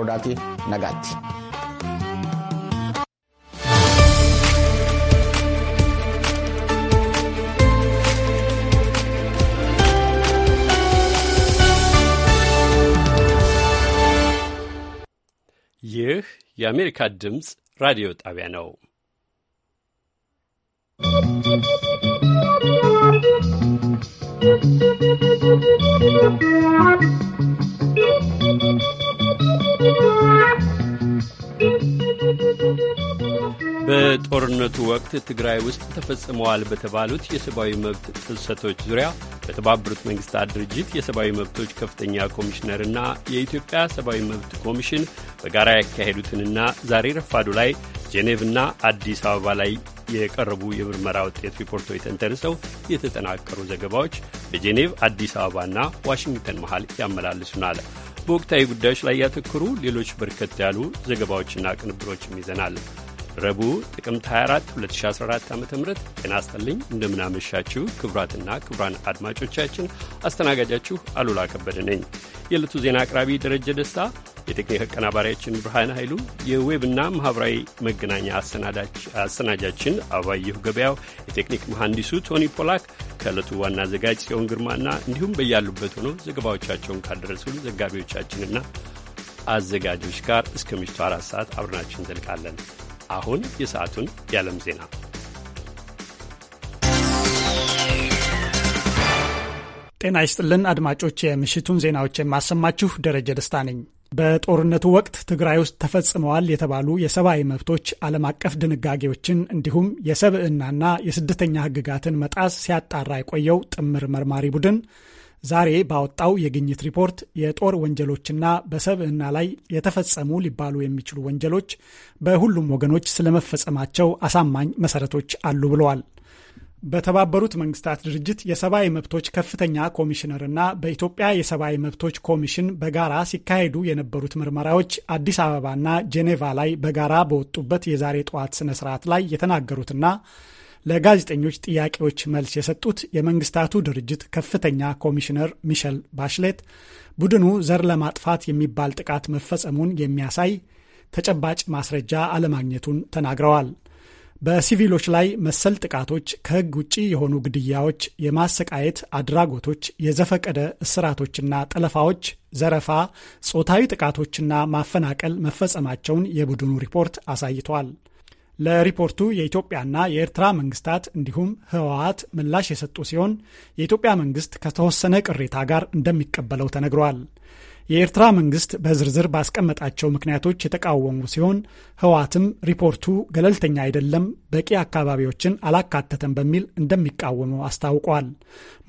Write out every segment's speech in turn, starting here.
ሮዳቲ ነጋቲ ይህ የአሜሪካ ድምፅ ራዲዮ ጣቢያ ነው። ¶¶ በጦርነቱ ወቅት ትግራይ ውስጥ ተፈጽመዋል በተባሉት የሰብአዊ መብት ጥሰቶች ዙሪያ በተባበሩት መንግስታት ድርጅት የሰብአዊ መብቶች ከፍተኛ ኮሚሽነርና የኢትዮጵያ ሰብአዊ መብት ኮሚሽን በጋራ ያካሄዱትንና ዛሬ ረፋዱ ላይ ጄኔቭና አዲስ አበባ ላይ የቀረቡ የምርመራ ውጤት ሪፖርቶች ተንተርሰው የተጠናቀሩ ዘገባዎች በጄኔቭ አዲስ አበባና ዋሽንግተን መሀል ያመላልሱናል። በወቅታዊ ጉዳዮች ላይ ያተኮሩ ሌሎች በርከት ያሉ ዘገባዎችና ቅንብሮችም ይዘናል። ረቡዕ ጥቅምት 24 2014 ዓ ም ጤና ይስጥልኝ። እንደምናመሻችሁ ክቡራትና ክቡራን አድማጮቻችን አስተናጋጃችሁ አሉላ ከበደ ነኝ። የዕለቱ ዜና አቅራቢ ደረጀ ደስታ፣ የቴክኒክ አቀናባሪያችን ብርሃን ኃይሉ፣ የዌብና ማኅበራዊ መገናኛ አሰናጃችን አባየሁ ገበያው፣ የቴክኒክ መሐንዲሱ ቶኒ ፖላክ ከዕለቱ ዋና አዘጋጅ ጽዮን ግርማና እንዲሁም በያሉበት ሆነው ዘገባዎቻቸውን ካደረሱን ዘጋቢዎቻችንና አዘጋጆች ጋር እስከ ምሽቱ አራት ሰዓት አብረናችን ዘልቃለን። አሁን የሰዓቱን የዓለም ዜና ጤና ይስጥልን አድማጮች፣ የምሽቱን ዜናዎች የማሰማችሁ ደረጀ ደስታ ነኝ። በጦርነቱ ወቅት ትግራይ ውስጥ ተፈጽመዋል የተባሉ የሰብአዊ መብቶች ዓለም አቀፍ ድንጋጌዎችን እንዲሁም የሰብዕናና የስደተኛ ሕግጋትን መጣስ ሲያጣራ የቆየው ጥምር መርማሪ ቡድን ዛሬ ባወጣው የግኝት ሪፖርት የጦር ወንጀሎችና በሰብዕና ላይ የተፈጸሙ ሊባሉ የሚችሉ ወንጀሎች በሁሉም ወገኖች ስለመፈጸማቸው አሳማኝ መሰረቶች አሉ ብለዋል። በተባበሩት መንግስታት ድርጅት የሰብአዊ መብቶች ከፍተኛ ኮሚሽነርና በኢትዮጵያ የሰብአዊ መብቶች ኮሚሽን በጋራ ሲካሄዱ የነበሩት ምርመራዎች አዲስ አበባና ጄኔቫ ላይ በጋራ በወጡበት የዛሬ ጠዋት ስነ ስርዓት ላይ የተናገሩትና ለጋዜጠኞች ጥያቄዎች መልስ የሰጡት የመንግስታቱ ድርጅት ከፍተኛ ኮሚሽነር ሚሸል ባሽሌት ቡድኑ ዘር ለማጥፋት የሚባል ጥቃት መፈጸሙን የሚያሳይ ተጨባጭ ማስረጃ አለማግኘቱን ተናግረዋል። በሲቪሎች ላይ መሰል ጥቃቶች፣ ከህግ ውጪ የሆኑ ግድያዎች፣ የማሰቃየት አድራጎቶች፣ የዘፈቀደ እስራቶችና ጠለፋዎች፣ ዘረፋ፣ ጾታዊ ጥቃቶችና ማፈናቀል መፈጸማቸውን የቡድኑ ሪፖርት አሳይቷል። ለሪፖርቱ የኢትዮጵያና የኤርትራ መንግስታት እንዲሁም ህወሓት ምላሽ የሰጡ ሲሆን የኢትዮጵያ መንግስት ከተወሰነ ቅሬታ ጋር እንደሚቀበለው ተነግሯል። የኤርትራ መንግስት በዝርዝር ባስቀመጣቸው ምክንያቶች የተቃወሙ ሲሆን ህወሓትም ሪፖርቱ ገለልተኛ አይደለም፣ በቂ አካባቢዎችን አላካተተም በሚል እንደሚቃወመው አስታውቋል።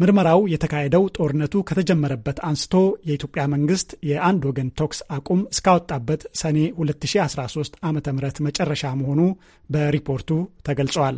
ምርመራው የተካሄደው ጦርነቱ ከተጀመረበት አንስቶ የኢትዮጵያ መንግስት የአንድ ወገን ተኩስ አቁም እስካወጣበት ሰኔ 2013 ዓ ም መጨረሻ መሆኑ በሪፖርቱ ተገልጿል።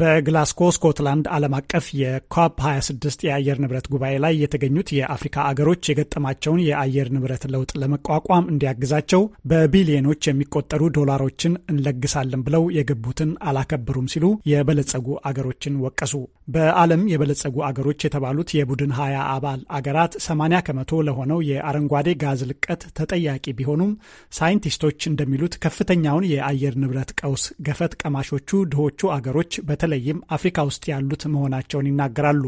በግላስኮ ስኮትላንድ ዓለም አቀፍ የኮፕ 26 የአየር ንብረት ጉባኤ ላይ የተገኙት የአፍሪካ አገሮች የገጠማቸውን የአየር ንብረት ለውጥ ለመቋቋም እንዲያግዛቸው በቢሊዮኖች የሚቆጠሩ ዶላሮችን እንለግሳለን ብለው የገቡትን አላከበሩም ሲሉ የበለጸጉ አገሮችን ወቀሱ። በዓለም የበለጸጉ አገሮች የተባሉት የቡድን ሀያ አባል አገራት 80 ከመቶ ለሆነው የአረንጓዴ ጋዝ ልቀት ተጠያቂ ቢሆኑም ሳይንቲስቶች እንደሚሉት ከፍተኛውን የአየር ንብረት ቀውስ ገፈት ቀማሾቹ ድሆቹ አገሮች በ በተለይም አፍሪካ ውስጥ ያሉት መሆናቸውን ይናገራሉ።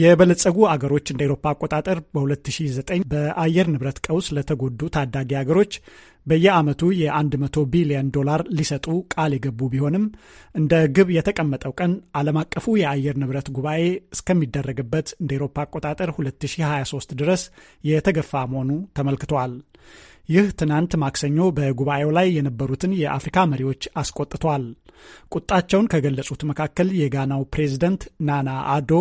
የበለጸጉ አገሮች እንደ ኤሮፓ አቆጣጠር በ2009 በአየር ንብረት ቀውስ ለተጎዱ ታዳጊ አገሮች በየዓመቱ የ100 ቢሊዮን ዶላር ሊሰጡ ቃል የገቡ ቢሆንም እንደ ግብ የተቀመጠው ቀን ዓለም አቀፉ የአየር ንብረት ጉባኤ እስከሚደረግበት እንደ ኤሮፓ አቆጣጠር 2023 ድረስ የተገፋ መሆኑ ተመልክቷል። ይህ ትናንት ማክሰኞ በጉባኤው ላይ የነበሩትን የአፍሪካ መሪዎች አስቆጥቷል። ቁጣቸውን ከገለጹት መካከል የጋናው ፕሬዝደንት ናና አዶ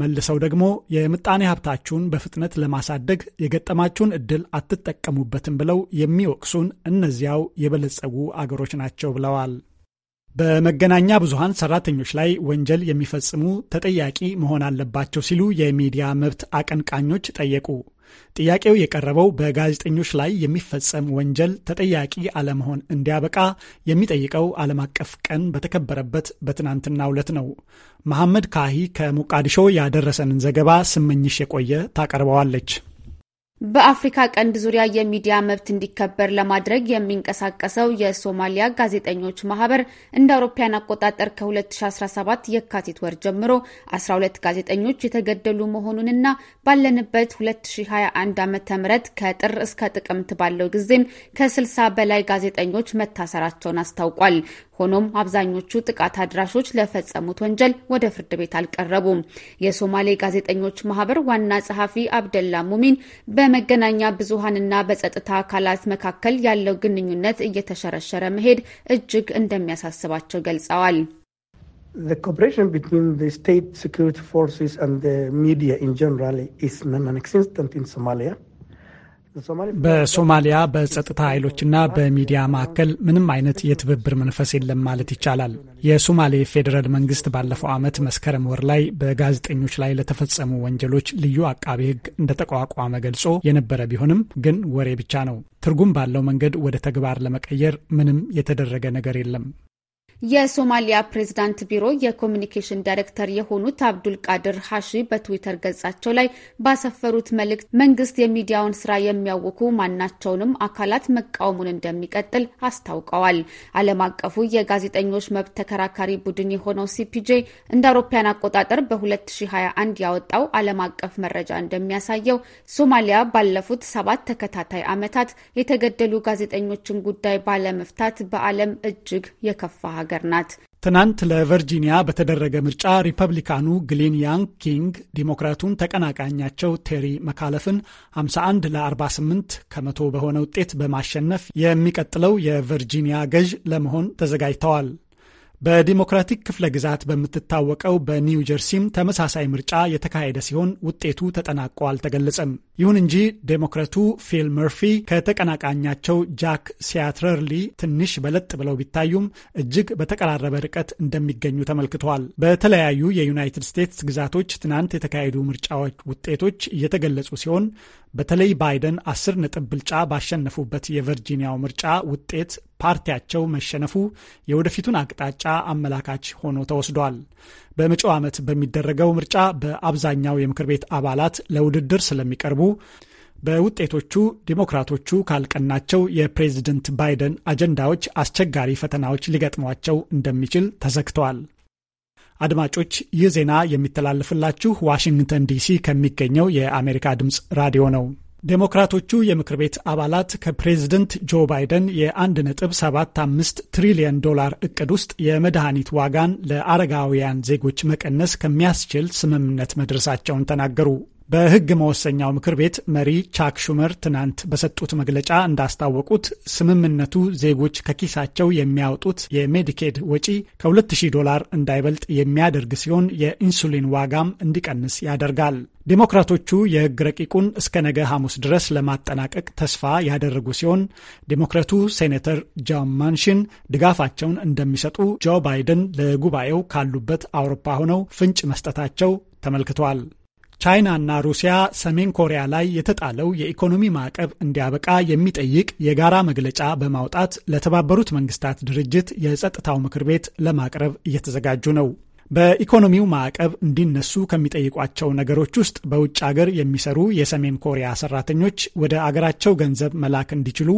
መልሰው ደግሞ የምጣኔ ሀብታችሁን በፍጥነት ለማሳደግ የገጠማችሁን እድል አትጠቀሙበትም ብለው የሚወቅሱን እነዚያው የበለጸጉ አገሮች ናቸው ብለዋል። በመገናኛ ብዙሃን ሰራተኞች ላይ ወንጀል የሚፈጽሙ ተጠያቂ መሆን አለባቸው ሲሉ የሚዲያ መብት አቀንቃኞች ጠየቁ። ጥያቄው የቀረበው በጋዜጠኞች ላይ የሚፈጸም ወንጀል ተጠያቂ አለመሆን እንዲያበቃ የሚጠይቀው ዓለም አቀፍ ቀን በተከበረበት በትናንትናው ዕለት ነው። መሐመድ ካሂ ከሞቃዲሾ ያደረሰንን ዘገባ ስመኝሽ የቆየ ታቀርበዋለች። በአፍሪካ ቀንድ ዙሪያ የሚዲያ መብት እንዲከበር ለማድረግ የሚንቀሳቀሰው የሶማሊያ ጋዜጠኞች ማህበር እንደ አውሮፓያን አቆጣጠር ከ2017 የካቲት ወር ጀምሮ 12 ጋዜጠኞች የተገደሉ መሆኑንና ባለንበት 2021 ዓ.ም ከጥር እስከ ጥቅምት ባለው ጊዜም ከ60 በላይ ጋዜጠኞች መታሰራቸውን አስታውቋል። ሆኖም አብዛኞቹ ጥቃት አድራሾች ለፈጸሙት ወንጀል ወደ ፍርድ ቤት አልቀረቡም። የሶማሌ ጋዜጠኞች ማህበር ዋና ጸሐፊ አብደላ ሙሚን በመገናኛ ብዙሀንና በጸጥታ አካላት መካከል ያለው ግንኙነት እየተሸረሸረ መሄድ እጅግ እንደሚያሳስባቸው ገልጸዋል። ሚዲያ በሶማሊያ በጸጥታ ኃይሎችና በሚዲያ መካከል ምንም አይነት የትብብር መንፈስ የለም ማለት ይቻላል። የሶማሌ ፌዴራል መንግስት ባለፈው ዓመት መስከረም ወር ላይ በጋዜጠኞች ላይ ለተፈጸሙ ወንጀሎች ልዩ አቃቤ ሕግ እንደተቋቋመ ገልጾ የነበረ ቢሆንም ግን ወሬ ብቻ ነው። ትርጉም ባለው መንገድ ወደ ተግባር ለመቀየር ምንም የተደረገ ነገር የለም። የሶማሊያ ፕሬዝዳንት ቢሮ የኮሚኒኬሽን ዳይሬክተር የሆኑት አብዱል ቃድር ሀሺ በትዊተር ገጻቸው ላይ ባሰፈሩት መልእክት መንግስት የሚዲያውን ስራ የሚያውኩ ማናቸውንም አካላት መቃወሙን እንደሚቀጥል አስታውቀዋል። ዓለም አቀፉ የጋዜጠኞች መብት ተከራካሪ ቡድን የሆነው ሲፒጄ እንደ አውሮፓያን አቆጣጠር በ2021 ያወጣው ዓለም አቀፍ መረጃ እንደሚያሳየው ሶማሊያ ባለፉት ሰባት ተከታታይ ዓመታት የተገደሉ ጋዜጠኞችን ጉዳይ ባለመፍታት በዓለም እጅግ የከፋ ሀገር ናት። ትናንት ለቨርጂኒያ በተደረገ ምርጫ ሪፐብሊካኑ ግሊን ያንግ ኪንግ ዲሞክራቱን ተቀናቃኛቸው ቴሪ መካለፍን 51 ለ48 ከመቶ በሆነ ውጤት በማሸነፍ የሚቀጥለው የቨርጂኒያ ገዥ ለመሆን ተዘጋጅተዋል። በዲሞክራቲክ ክፍለ ግዛት በምትታወቀው በኒው ጀርሲም ተመሳሳይ ምርጫ የተካሄደ ሲሆን ውጤቱ ተጠናቆ አልተገለጸም። ይሁን እንጂ ዴሞክራቱ ፊል መርፊ ከተቀናቃኛቸው ጃክ ሲያትረርሊ ትንሽ በለጥ ብለው ቢታዩም እጅግ በተቀራረበ ርቀት እንደሚገኙ ተመልክተዋል። በተለያዩ የዩናይትድ ስቴትስ ግዛቶች ትናንት የተካሄዱ ምርጫዎች ውጤቶች እየተገለጹ ሲሆን በተለይ ባይደን አስር ነጥብ ብልጫ ባሸነፉበት የቨርጂኒያው ምርጫ ውጤት ፓርቲያቸው መሸነፉ የወደፊቱን አቅጣጫ አመላካች ሆኖ ተወስዷል። በመጪው ዓመት በሚደረገው ምርጫ በአብዛኛው የምክር ቤት አባላት ለውድድር ስለሚቀርቡ በውጤቶቹ ዲሞክራቶቹ ካልቀናቸው የፕሬዝደንት ባይደን አጀንዳዎች አስቸጋሪ ፈተናዎች ሊገጥሟቸው እንደሚችል ተዘግተዋል። አድማጮች ይህ ዜና የሚተላለፍላችሁ ዋሽንግተን ዲሲ ከሚገኘው የአሜሪካ ድምፅ ራዲዮ ነው። ዴሞክራቶቹ የምክር ቤት አባላት ከፕሬዝደንት ጆ ባይደን የ1.75 ትሪሊየን ዶላር እቅድ ውስጥ የመድኃኒት ዋጋን ለአረጋውያን ዜጎች መቀነስ ከሚያስችል ስምምነት መድረሳቸውን ተናገሩ። በሕግ መወሰኛው ምክር ቤት መሪ ቻክ ሹመር ትናንት በሰጡት መግለጫ እንዳስታወቁት ስምምነቱ ዜጎች ከኪሳቸው የሚያወጡት የሜዲኬድ ወጪ ከ2000 ዶላር እንዳይበልጥ የሚያደርግ ሲሆን የኢንሱሊን ዋጋም እንዲቀንስ ያደርጋል። ዴሞክራቶቹ የሕግ ረቂቁን እስከ ነገ ሐሙስ ድረስ ለማጠናቀቅ ተስፋ ያደረጉ ሲሆን ዴሞክራቱ ሴኔተር ጆን ማንሽን ድጋፋቸውን እንደሚሰጡ ጆ ባይደን ለጉባኤው ካሉበት አውሮፓ ሆነው ፍንጭ መስጠታቸው ተመልክቷል። ቻይናና ሩሲያ ሰሜን ኮሪያ ላይ የተጣለው የኢኮኖሚ ማዕቀብ እንዲያበቃ የሚጠይቅ የጋራ መግለጫ በማውጣት ለተባበሩት መንግስታት ድርጅት የጸጥታው ምክር ቤት ለማቅረብ እየተዘጋጁ ነው። በኢኮኖሚው ማዕቀብ እንዲነሱ ከሚጠይቋቸው ነገሮች ውስጥ በውጭ አገር የሚሰሩ የሰሜን ኮሪያ ሰራተኞች ወደ አገራቸው ገንዘብ መላክ እንዲችሉ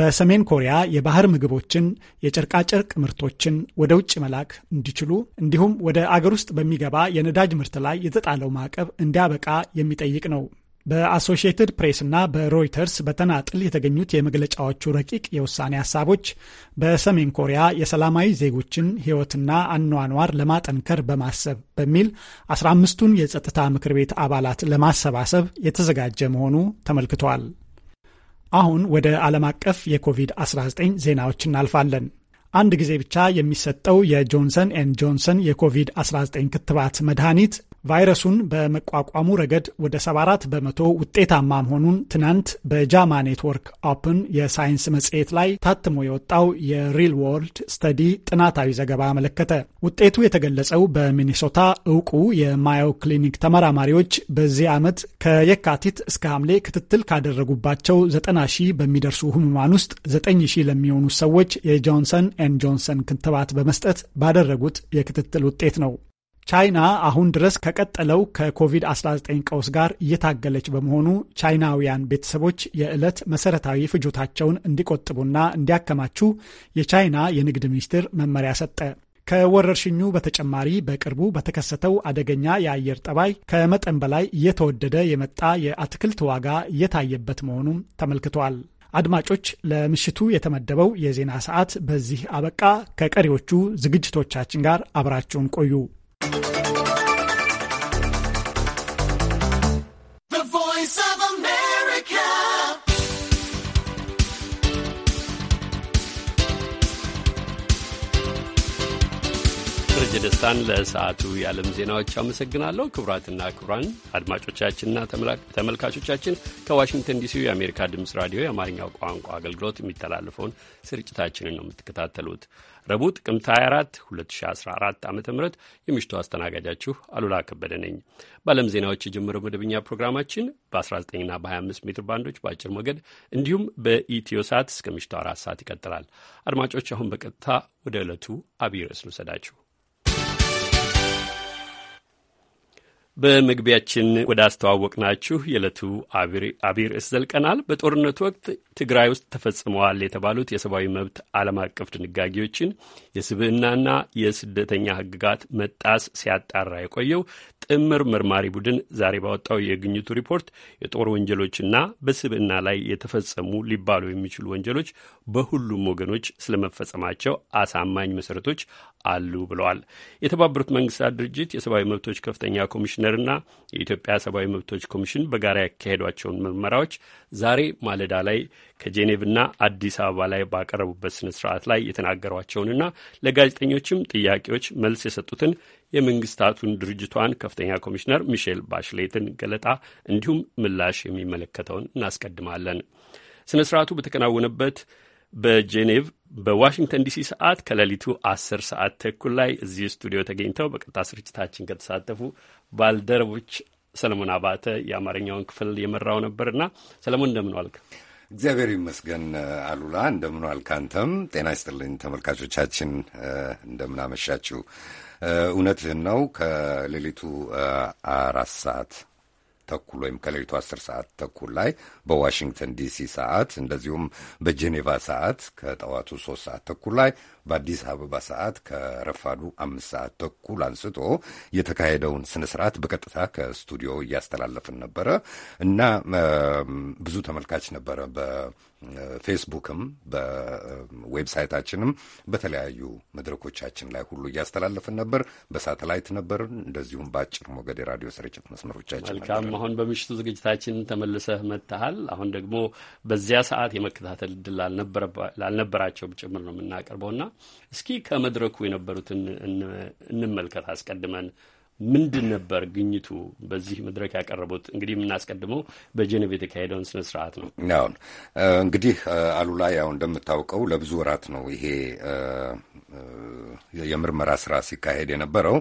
በሰሜን ኮሪያ የባህር ምግቦችን፣ የጨርቃጨርቅ ምርቶችን ወደ ውጭ መላክ እንዲችሉ እንዲሁም ወደ አገር ውስጥ በሚገባ የነዳጅ ምርት ላይ የተጣለው ማዕቀብ እንዲያበቃ የሚጠይቅ ነው። በአሶሺየትድ ና በሮይተርስ በተናጥል የተገኙት የመግለጫዎቹ ረቂቅ የውሳኔ ሀሳቦች በሰሜን ኮሪያ የሰላማዊ ዜጎችን ሕይወትና አኗኗር ለማጠንከር በማሰብ በሚል 15ቱን የጸጥታ ምክር ቤት አባላት ለማሰባሰብ የተዘጋጀ መሆኑ ተመልክቷል። አሁን ወደ ዓለም አቀፍ የኮቪድ-19 ዜናዎች እናልፋለን። አንድ ጊዜ ብቻ የሚሰጠው የጆንሰን ኤንድ ጆንሰን የኮቪድ-19 ክትባት መድኃኒት ቫይረሱን በመቋቋሙ ረገድ ወደ 74 በመቶ ውጤታማ መሆኑን ትናንት በጃማ ኔትወርክ ኦፕን የሳይንስ መጽሔት ላይ ታትሞ የወጣው የሪል ወርልድ ስተዲ ጥናታዊ ዘገባ አመለከተ። ውጤቱ የተገለጸው በሚኒሶታ እውቁ የማዮ ክሊኒክ ተመራማሪዎች በዚህ ዓመት ከየካቲት እስከ ሐምሌ ክትትል ካደረጉባቸው 90 ሺህ በሚደርሱ ህሙማን ውስጥ 9 ሺህ ለሚሆኑ ሰዎች የጆንሰን ኤንድ ጆንሰን ክትባት በመስጠት ባደረጉት የክትትል ውጤት ነው። ቻይና አሁን ድረስ ከቀጠለው ከኮቪድ-19 ቀውስ ጋር እየታገለች በመሆኑ ቻይናውያን ቤተሰቦች የዕለት መሰረታዊ ፍጆታቸውን እንዲቆጥቡና እንዲያከማቹ የቻይና የንግድ ሚኒስቴር መመሪያ ሰጠ። ከወረርሽኙ በተጨማሪ በቅርቡ በተከሰተው አደገኛ የአየር ጠባይ ከመጠን በላይ እየተወደደ የመጣ የአትክልት ዋጋ እየታየበት መሆኑም ተመልክቷል። አድማጮች፣ ለምሽቱ የተመደበው የዜና ሰዓት በዚህ አበቃ። ከቀሪዎቹ ዝግጅቶቻችን ጋር አብራችሁን ቆዩ። ደረጀ ደስታን ለሰዓቱ የዓለም ዜናዎች አመሰግናለሁ። ክቡራትና ክቡራን አድማጮቻችንና ተመልካቾቻችን ከዋሽንግተን ዲሲ የአሜሪካ ድምፅ ራዲዮ የአማርኛው ቋንቋ አገልግሎት የሚተላለፈውን ስርጭታችንን ነው የምትከታተሉት። ረቡዕ ጥቅምት 24 2014 ዓ ም የምሽቱ አስተናጋጃችሁ አሉላ ከበደ ነኝ። በዓለም ዜናዎች የጀመረው መደበኛ ፕሮግራማችን በ19ና በ25 ሜትር ባንዶች በአጭር ሞገድ እንዲሁም በኢትዮ ሰዓት እስከ ምሽቱ አራት ሰዓት ይቀጥላል። አድማጮች አሁን በቀጥታ ወደ ዕለቱ አብይ ርዕስ ልውሰዳችሁ። በመግቢያችን ወደ ናችሁ የዕለቱ አቢር ርዕስ ዘልቀናል። በጦርነቱ ወቅት ትግራይ ውስጥ ተፈጽመዋል የተባሉት የሰብአዊ መብት ዓለም አቀፍ ድንጋጌዎችን የስብዕናና የስደተኛ ህግጋት መጣስ ሲያጣራ የቆየው ጥምር መርማሪ ቡድን ዛሬ ባወጣው የግኝቱ ሪፖርት የጦር ወንጀሎችና በስብዕና ላይ የተፈጸሙ ሊባሉ የሚችሉ ወንጀሎች በሁሉም ወገኖች ስለመፈጸማቸው አሳማኝ መሰረቶች አሉ ብለዋል። የተባበሩት መንግስታት ድርጅት የሰብአዊ መብቶች ከፍተኛ ኮሚሽነርና የኢትዮጵያ ሰብአዊ መብቶች ኮሚሽን በጋራ ያካሄዷቸውን ምርመራዎች ዛሬ ማለዳ ላይ ከጄኔቭና አዲስ አበባ ላይ ባቀረቡበት ስነ ስርዓት ላይ የተናገሯቸውንና ለጋዜጠኞችም ጥያቄዎች መልስ የሰጡትን የመንግስታቱን ድርጅቷን ከፍተኛ ኮሚሽነር ሚሼል ባሽሌትን ገለጣ እንዲሁም ምላሽ የሚመለከተውን እናስቀድማለን። ስነ ስርዓቱ በተከናወነበት በጄኔቭ በዋሽንግተን ዲሲ ሰዓት ከሌሊቱ አስር ሰዓት ተኩል ላይ እዚህ ስቱዲዮ ተገኝተው በቀጥታ ስርጭታችን ከተሳተፉ ባልደረቦች ሰለሞን አባተ የአማርኛውን ክፍል የመራው ነበርና ሰለሞን እንደምን ዋልክ? እግዚአብሔር ይመስገን። አሉላ እንደምን ዋልክ? አንተም ጤና ይስጥልኝ። ተመልካቾቻችን እንደምናመሻችው እውነትህን ነው። ከሌሊቱ አራት ሰዓት ተኩል ወይም ከሌሊቱ አስር ሰዓት ተኩል ላይ በዋሽንግተን ዲሲ ሰዓት እንደዚሁም በጄኔቫ ሰዓት ከጠዋቱ ሶስት ሰዓት ተኩል ላይ በአዲስ አበባ ሰዓት ከረፋዱ አምስት ሰዓት ተኩል አንስቶ የተካሄደውን ስነ ስርዓት በቀጥታ ከስቱዲዮ እያስተላለፍን ነበረ እና ብዙ ተመልካች ነበረ በፌስቡክም በዌብሳይታችንም በተለያዩ መድረኮቻችን ላይ ሁሉ እያስተላለፍን ነበር። በሳተላይት ነበር፣ እንደዚሁም በአጭር ሞገድ የራዲዮ ስርጭት መስመሮቻችን። መልካም። አሁን በምሽቱ ዝግጅታችን ተመልሰህ መጥተሃል። አሁን ደግሞ በዚያ ሰዓት የመከታተል እድል ላልነበራቸው ጭምር ነው የምናቀርበውና እስኪ ከመድረኩ የነበሩትን እንመልከት አስቀድመን ምንድን ነበር ግኝቱ? በዚህ መድረክ ያቀረቡት እንግዲህ የምናስቀድመው በጀኔቭ የተካሄደውን ስነ ስርዓት ነው። አሁን እንግዲህ አሉላ ያው እንደምታውቀው ለብዙ ወራት ነው ይሄ የምርመራ ስራ ሲካሄድ የነበረው።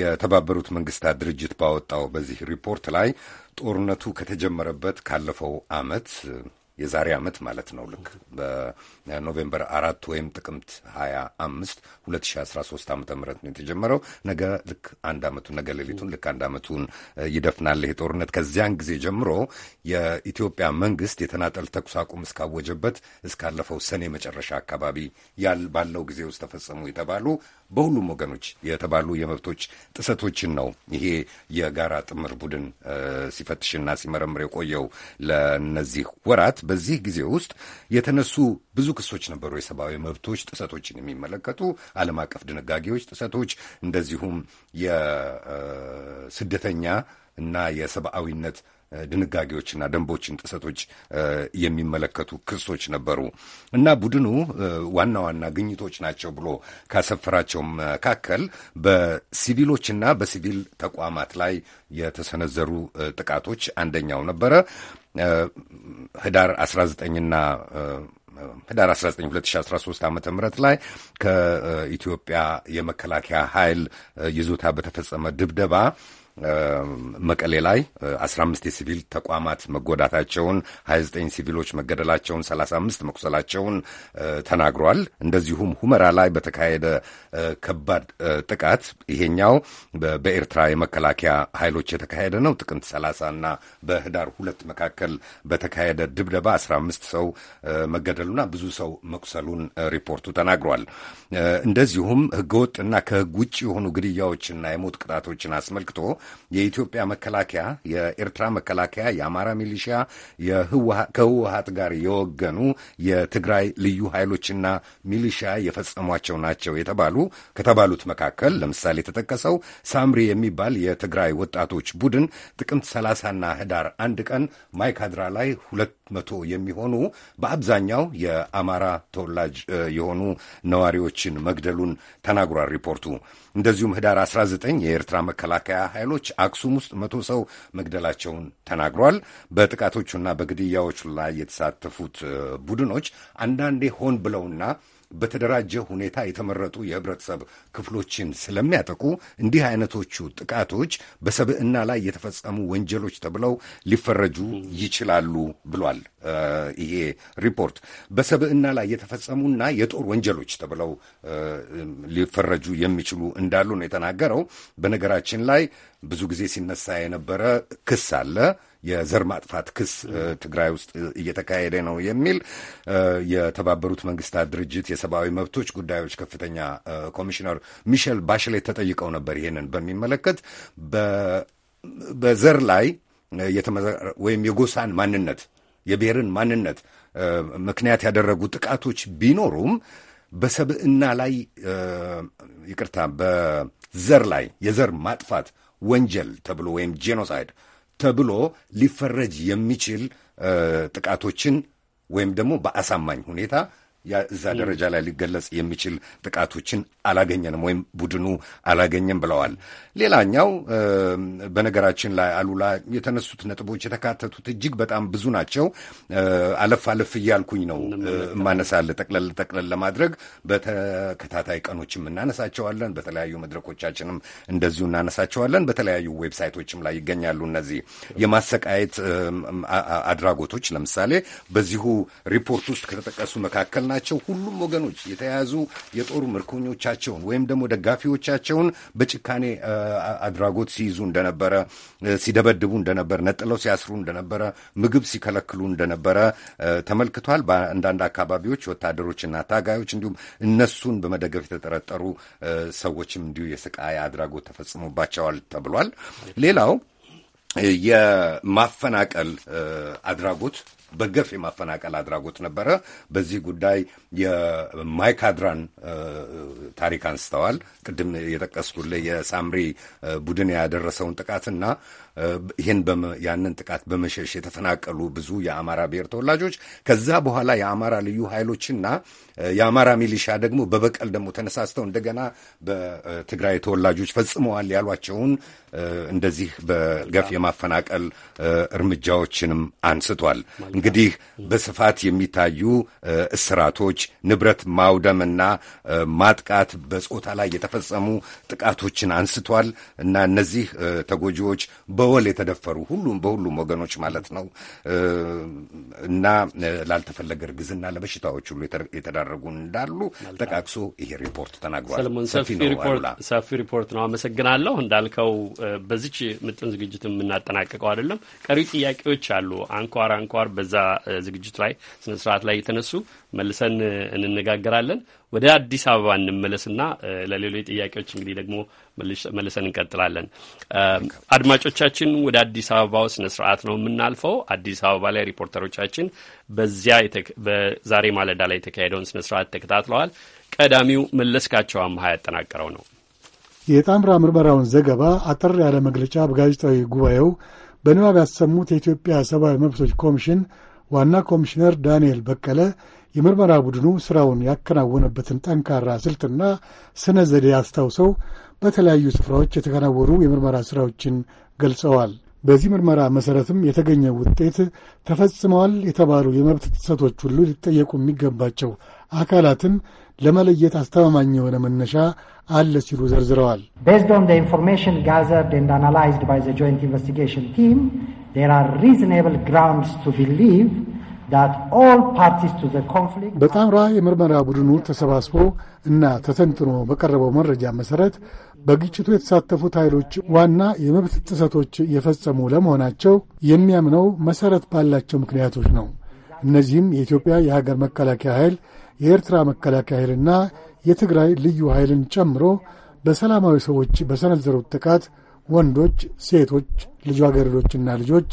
የተባበሩት መንግስታት ድርጅት ባወጣው በዚህ ሪፖርት ላይ ጦርነቱ ከተጀመረበት ካለፈው አመት የዛሬ ዓመት ማለት ነው ልክ በኖቬምበር አራት ወይም ጥቅምት ሀያ አምስት ሁለት ሺ አስራ ሶስት ዓመተ ምህረት ነው የተጀመረው። ነገ ልክ አንድ ዓመቱን ነገ ሌሊቱን ልክ አንድ ዓመቱን ይደፍናል ይሄ ጦርነት። ከዚያን ጊዜ ጀምሮ የኢትዮጵያ መንግስት የተናጠል ተኩስ አቁም እስካወጀበት እስካለፈው ሰኔ መጨረሻ አካባቢ ያል ባለው ጊዜ ውስጥ ተፈጸሙ የተባሉ በሁሉም ወገኖች የተባሉ የመብቶች ጥሰቶችን ነው ይሄ የጋራ ጥምር ቡድን ሲፈትሽና ሲመረምር የቆየው ለነዚህ ወራት። በዚህ ጊዜ ውስጥ የተነሱ ብዙ ክሶች ነበሩ። የሰብአዊ መብቶች ጥሰቶችን የሚመለከቱ ዓለም አቀፍ ድንጋጌዎች ጥሰቶች፣ እንደዚሁም የስደተኛ እና የሰብአዊነት ድንጋጌዎችና ደንቦችን ጥሰቶች የሚመለከቱ ክሶች ነበሩ እና ቡድኑ ዋና ዋና ግኝቶች ናቸው ብሎ ካሰፈራቸው መካከል በሲቪሎችና በሲቪል ተቋማት ላይ የተሰነዘሩ ጥቃቶች አንደኛው ነበረ። ህዳር 19ና ህዳር 19 2013 ዓ ም ላይ ከኢትዮጵያ የመከላከያ ኃይል ይዞታ በተፈጸመ ድብደባ መቀሌ ላይ 15 የሲቪል ተቋማት መጎዳታቸውን፣ 29 ሲቪሎች መገደላቸውን፣ 35 መቁሰላቸውን ተናግሯል። እንደዚሁም ሁመራ ላይ በተካሄደ ከባድ ጥቃት ይሄኛው በኤርትራ የመከላከያ ኃይሎች የተካሄደ ነው። ጥቅምት 30 እና በህዳር ሁለት መካከል በተካሄደ ድብደባ 15 ሰው መገደሉና ብዙ ሰው መቁሰሉን ሪፖርቱ ተናግሯል። እንደዚሁም ህገወጥና ከህግ ውጭ የሆኑ ግድያዎችና የሞት ቅጣቶችን አስመልክቶ የኢትዮጵያ መከላከያ፣ የኤርትራ መከላከያ፣ የአማራ ሚሊሺያ ከህወሀት ጋር የወገኑ የትግራይ ልዩ ኃይሎችና ሚሊሺያ የፈጸሟቸው ናቸው የተባሉ ከተባሉት መካከል ለምሳሌ የተጠቀሰው ሳምሪ የሚባል የትግራይ ወጣቶች ቡድን ጥቅምት 30ና ህዳር አንድ ቀን ማይካድራ ላይ ሁለት መቶ የሚሆኑ በአብዛኛው የአማራ ተወላጅ የሆኑ ነዋሪዎችን መግደሉን ተናግሯል ሪፖርቱ። እንደዚሁም ህዳር 19 የኤርትራ መከላከያ ኃይሎች አክሱም ውስጥ መቶ ሰው መግደላቸውን ተናግሯል። በጥቃቶቹና በግድያዎቹ ላይ የተሳተፉት ቡድኖች አንዳንዴ ሆን ብለውና በተደራጀ ሁኔታ የተመረጡ የህብረተሰብ ክፍሎችን ስለሚያጠቁ እንዲህ አይነቶቹ ጥቃቶች በሰብዕና ላይ የተፈጸሙ ወንጀሎች ተብለው ሊፈረጁ ይችላሉ ብሏል ይሄ ሪፖርት። በሰብዕና ላይ የተፈጸሙና የጦር ወንጀሎች ተብለው ሊፈረጁ የሚችሉ እንዳሉ ነው የተናገረው። በነገራችን ላይ ብዙ ጊዜ ሲነሳ የነበረ ክስ አለ። የዘር ማጥፋት ክስ ትግራይ ውስጥ እየተካሄደ ነው የሚል የተባበሩት መንግስታት ድርጅት የሰብአዊ መብቶች ጉዳዮች ከፍተኛ ኮሚሽነር ሚሸል ባሽሌት ተጠይቀው ነበር። ይሄንን በሚመለከት በዘር ላይ ወይም የጎሳን ማንነት የብሔርን ማንነት ምክንያት ያደረጉ ጥቃቶች ቢኖሩም በሰብዕና ላይ ይቅርታ፣ በዘር ላይ የዘር ማጥፋት ወንጀል ተብሎ ወይም ጄኖሳይድ ተብሎ ሊፈረጅ የሚችል ጥቃቶችን ወይም ደግሞ በአሳማኝ ሁኔታ እዛ ደረጃ ላይ ሊገለጽ የሚችል ጥቃቶችን አላገኘንም ወይም ቡድኑ አላገኘም ብለዋል። ሌላኛው በነገራችን ላይ አሉላ የተነሱት ነጥቦች የተካተቱት እጅግ በጣም ብዙ ናቸው። አለፍ አለፍ እያልኩኝ ነው እማነሳለ ጠቅለል ጠቅለል ለማድረግ በተከታታይ ቀኖችም እናነሳቸዋለን። በተለያዩ መድረኮቻችንም እንደዚሁ እናነሳቸዋለን። በተለያዩ ዌብሳይቶችም ላይ ይገኛሉ። እነዚህ የማሰቃየት አድራጎቶች ለምሳሌ በዚሁ ሪፖርት ውስጥ ከተጠቀሱ መካከል ናቸው ሁሉም ወገኖች የተያዙ የጦሩ ምርኮኞቻቸውን ወይም ደግሞ ደጋፊዎቻቸውን በጭካኔ አድራጎት ሲይዙ እንደነበረ፣ ሲደበድቡ እንደነበረ፣ ነጥለው ሲያስሩ እንደነበረ፣ ምግብ ሲከለክሉ እንደነበረ ተመልክቷል። በአንዳንድ አካባቢዎች ወታደሮችና ታጋዮች እንዲሁም እነሱን በመደገፍ የተጠረጠሩ ሰዎችም እንዲሁ የስቃይ አድራጎት ተፈጽሞባቸዋል ተብሏል። ሌላው የማፈናቀል አድራጎት በገፍ የማፈናቀል አድራጎት ነበረ። በዚህ ጉዳይ የማይካድራን ታሪክ አንስተዋል። ቅድም የጠቀስኩልህ የሳምሪ ቡድን ያደረሰውን ጥቃትና ይህን ያንን ጥቃት በመሸሽ የተፈናቀሉ ብዙ የአማራ ብሔር ተወላጆች ከዛ በኋላ የአማራ ልዩ ኃይሎችና የአማራ ሚሊሻ ደግሞ በበቀል ደግሞ ተነሳስተው እንደገና በትግራይ ተወላጆች ፈጽመዋል ያሏቸውን እንደዚህ በገፍ የማፈናቀል እርምጃዎችንም አንስቷል። እንግዲህ በስፋት የሚታዩ እስራቶች፣ ንብረት ማውደምና ማጥቃት፣ በጾታ ላይ የተፈጸሙ ጥቃቶችን አንስቷል እና እነዚህ ተጎጂዎች በወል የተደፈሩ ሁሉም በሁሉም ወገኖች ማለት ነው እና ላልተፈለገ እርግዝና ለበሽታዎች ሁሉ የተዳረ እየተደረጉ እንዳሉ ጠቃቅሶ ይሄ ሪፖርት ተናግሯል። ሰፊ ሪፖርት ነው። አመሰግናለሁ። እንዳልከው በዚች ምጥን ዝግጅት የምናጠናቀቀው አይደለም። ቀሪ ጥያቄዎች አሉ። አንኳር አንኳር በዛ ዝግጅት ላይ ስነስርዓት ላይ የተነሱ መልሰን እንነጋገራለን። ወደ አዲስ አበባ እንመለስና ለሌሎች ጥያቄዎች እንግዲህ ደግሞ መልሰን እንቀጥላለን። አድማጮቻችን፣ ወደ አዲስ አበባው ስነ ስርዓት ነው የምናልፈው። አዲስ አበባ ላይ ሪፖርተሮቻችን በዚያ በዛሬ ማለዳ ላይ የተካሄደውን ስነ ስርዓት ተከታትለዋል። ቀዳሚው መለስካቸው አምሃ ያጠናቀረው ነው። የጣምራ ምርመራውን ዘገባ አጠር ያለ መግለጫ በጋዜጣዊ ጉባኤው በንባብ ያሰሙት የኢትዮጵያ ሰብአዊ መብቶች ኮሚሽን ዋና ኮሚሽነር ዳንኤል በቀለ የምርመራ ቡድኑ ሥራውን ያከናወነበትን ጠንካራ ስልትና ስነ ዘዴ አስታውሰው በተለያዩ ስፍራዎች የተከናወኑ የምርመራ ሥራዎችን ገልጸዋል። በዚህ ምርመራ መሠረትም የተገኘው ውጤት ተፈጽመዋል የተባሉ የመብት ጥሰቶች ሁሉ ሊጠየቁ የሚገባቸው አካላትን ለመለየት አስተማማኝ የሆነ መነሻ አለ ሲሉ ዘርዝረዋል። በጣምራ የምርመራ ቡድኑ ተሰባስቦ እና ተተንትኖ በቀረበው መረጃ መሠረት በግጭቱ የተሳተፉት ኃይሎች ዋና የመብት ጥሰቶች የፈጸሙ ለመሆናቸው የሚያምነው መሠረት ባላቸው ምክንያቶች ነው። እነዚህም የኢትዮጵያ የሀገር መከላከያ ኃይል፣ የኤርትራ መከላከያ ኃይልና የትግራይ ልዩ ኃይልን ጨምሮ በሰላማዊ ሰዎች በሰነዘሩት ጥቃት ወንዶች፣ ሴቶች፣ ልጃገረዶችና ልጆች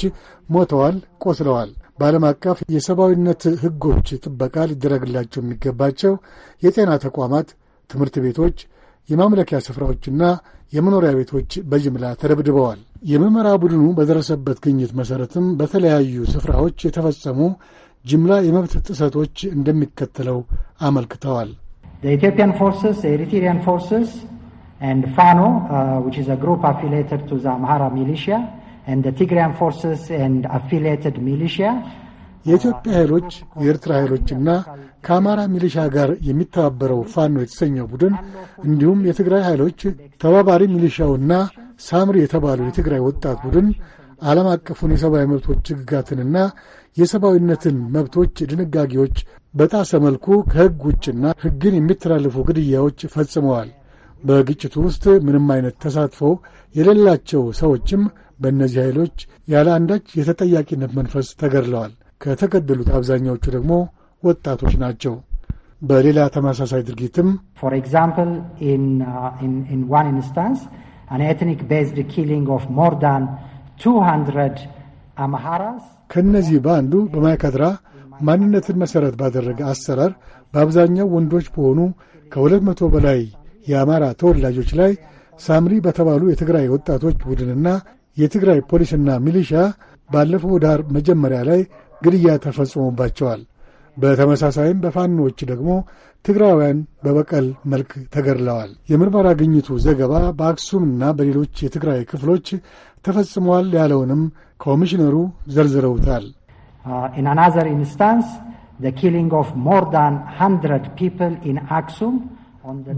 ሞተዋል፣ ቆስለዋል። በዓለም አቀፍ የሰብአዊነት ሕጎች ጥበቃ ሊደረግላቸው የሚገባቸው የጤና ተቋማት፣ ትምህርት ቤቶች፣ የማምለኪያ ስፍራዎችና የመኖሪያ ቤቶች በጅምላ ተደብድበዋል። የምርመራ ቡድኑ በደረሰበት ግኝት መሠረትም በተለያዩ ስፍራዎች የተፈጸሙ ጅምላ የመብት ጥሰቶች እንደሚከተለው አመልክተዋል። ኢትዮጵያን ፎርስስ የኤሪትሪያን ፎርስስ ፋኖ ግሩፕ አፊሊየትድ ቱ አምሃራ ሚሊሽያ Uh, የኢትዮጵያ ኃይሎች የኤርትራ ኃይሎችና ከአማራ ሚሊሻ ጋር የሚተባበረው ፋኖ የተሰኘው ቡድን እንዲሁም የትግራይ ኃይሎች ተባባሪ ሚሊሻውና ሳምሪ የተባሉ የትግራይ ወጣት ቡድን ዓለም አቀፉን የሰብአዊ መብቶች ሕግጋትንና የሰብአዊነትን መብቶች ድንጋጌዎች በጣሰ መልኩ ከሕግ ውጭና ሕግን የሚተላለፉ ግድያዎች ፈጽመዋል። በግጭቱ ውስጥ ምንም አይነት ተሳትፎ የሌላቸው ሰዎችም በእነዚህ ኃይሎች ያለ አንዳች የተጠያቂነት መንፈስ ተገድለዋል። ከተገደሉት አብዛኛዎቹ ደግሞ ወጣቶች ናቸው። በሌላ ተመሳሳይ ድርጊትም ፎር ኤግዛምፕል ኢን ዋን ኢንስታንስ አን ኤትኒክ ቤዝድ ኪሊንግ ኦፍ ሞር ዳን 200 አምሃራስ ከእነዚህ በአንዱ በማይካድራ ማንነትን መሠረት ባደረገ አሰራር በአብዛኛው ወንዶች በሆኑ ከሁለት መቶ በላይ የአማራ ተወላጆች ላይ ሳምሪ በተባሉ የትግራይ ወጣቶች ቡድንና የትግራይ ፖሊስና ሚሊሻ ባለፈው ዳር መጀመሪያ ላይ ግድያ ተፈጽሞባቸዋል። በተመሳሳይም በፋኖዎች ደግሞ ትግራውያን በበቀል መልክ ተገድለዋል። የምርመራ ግኝቱ ዘገባ በአክሱምና በሌሎች የትግራይ ክፍሎች ተፈጽሟል ያለውንም ኮሚሽነሩ ዘርዝረውታል። ኢን አናዘር ኢንስታንስ ዘ ኪሊንግ ኦፍ ሞር ዳን ሃንድረድ ፒፕል ኢን አክሱም።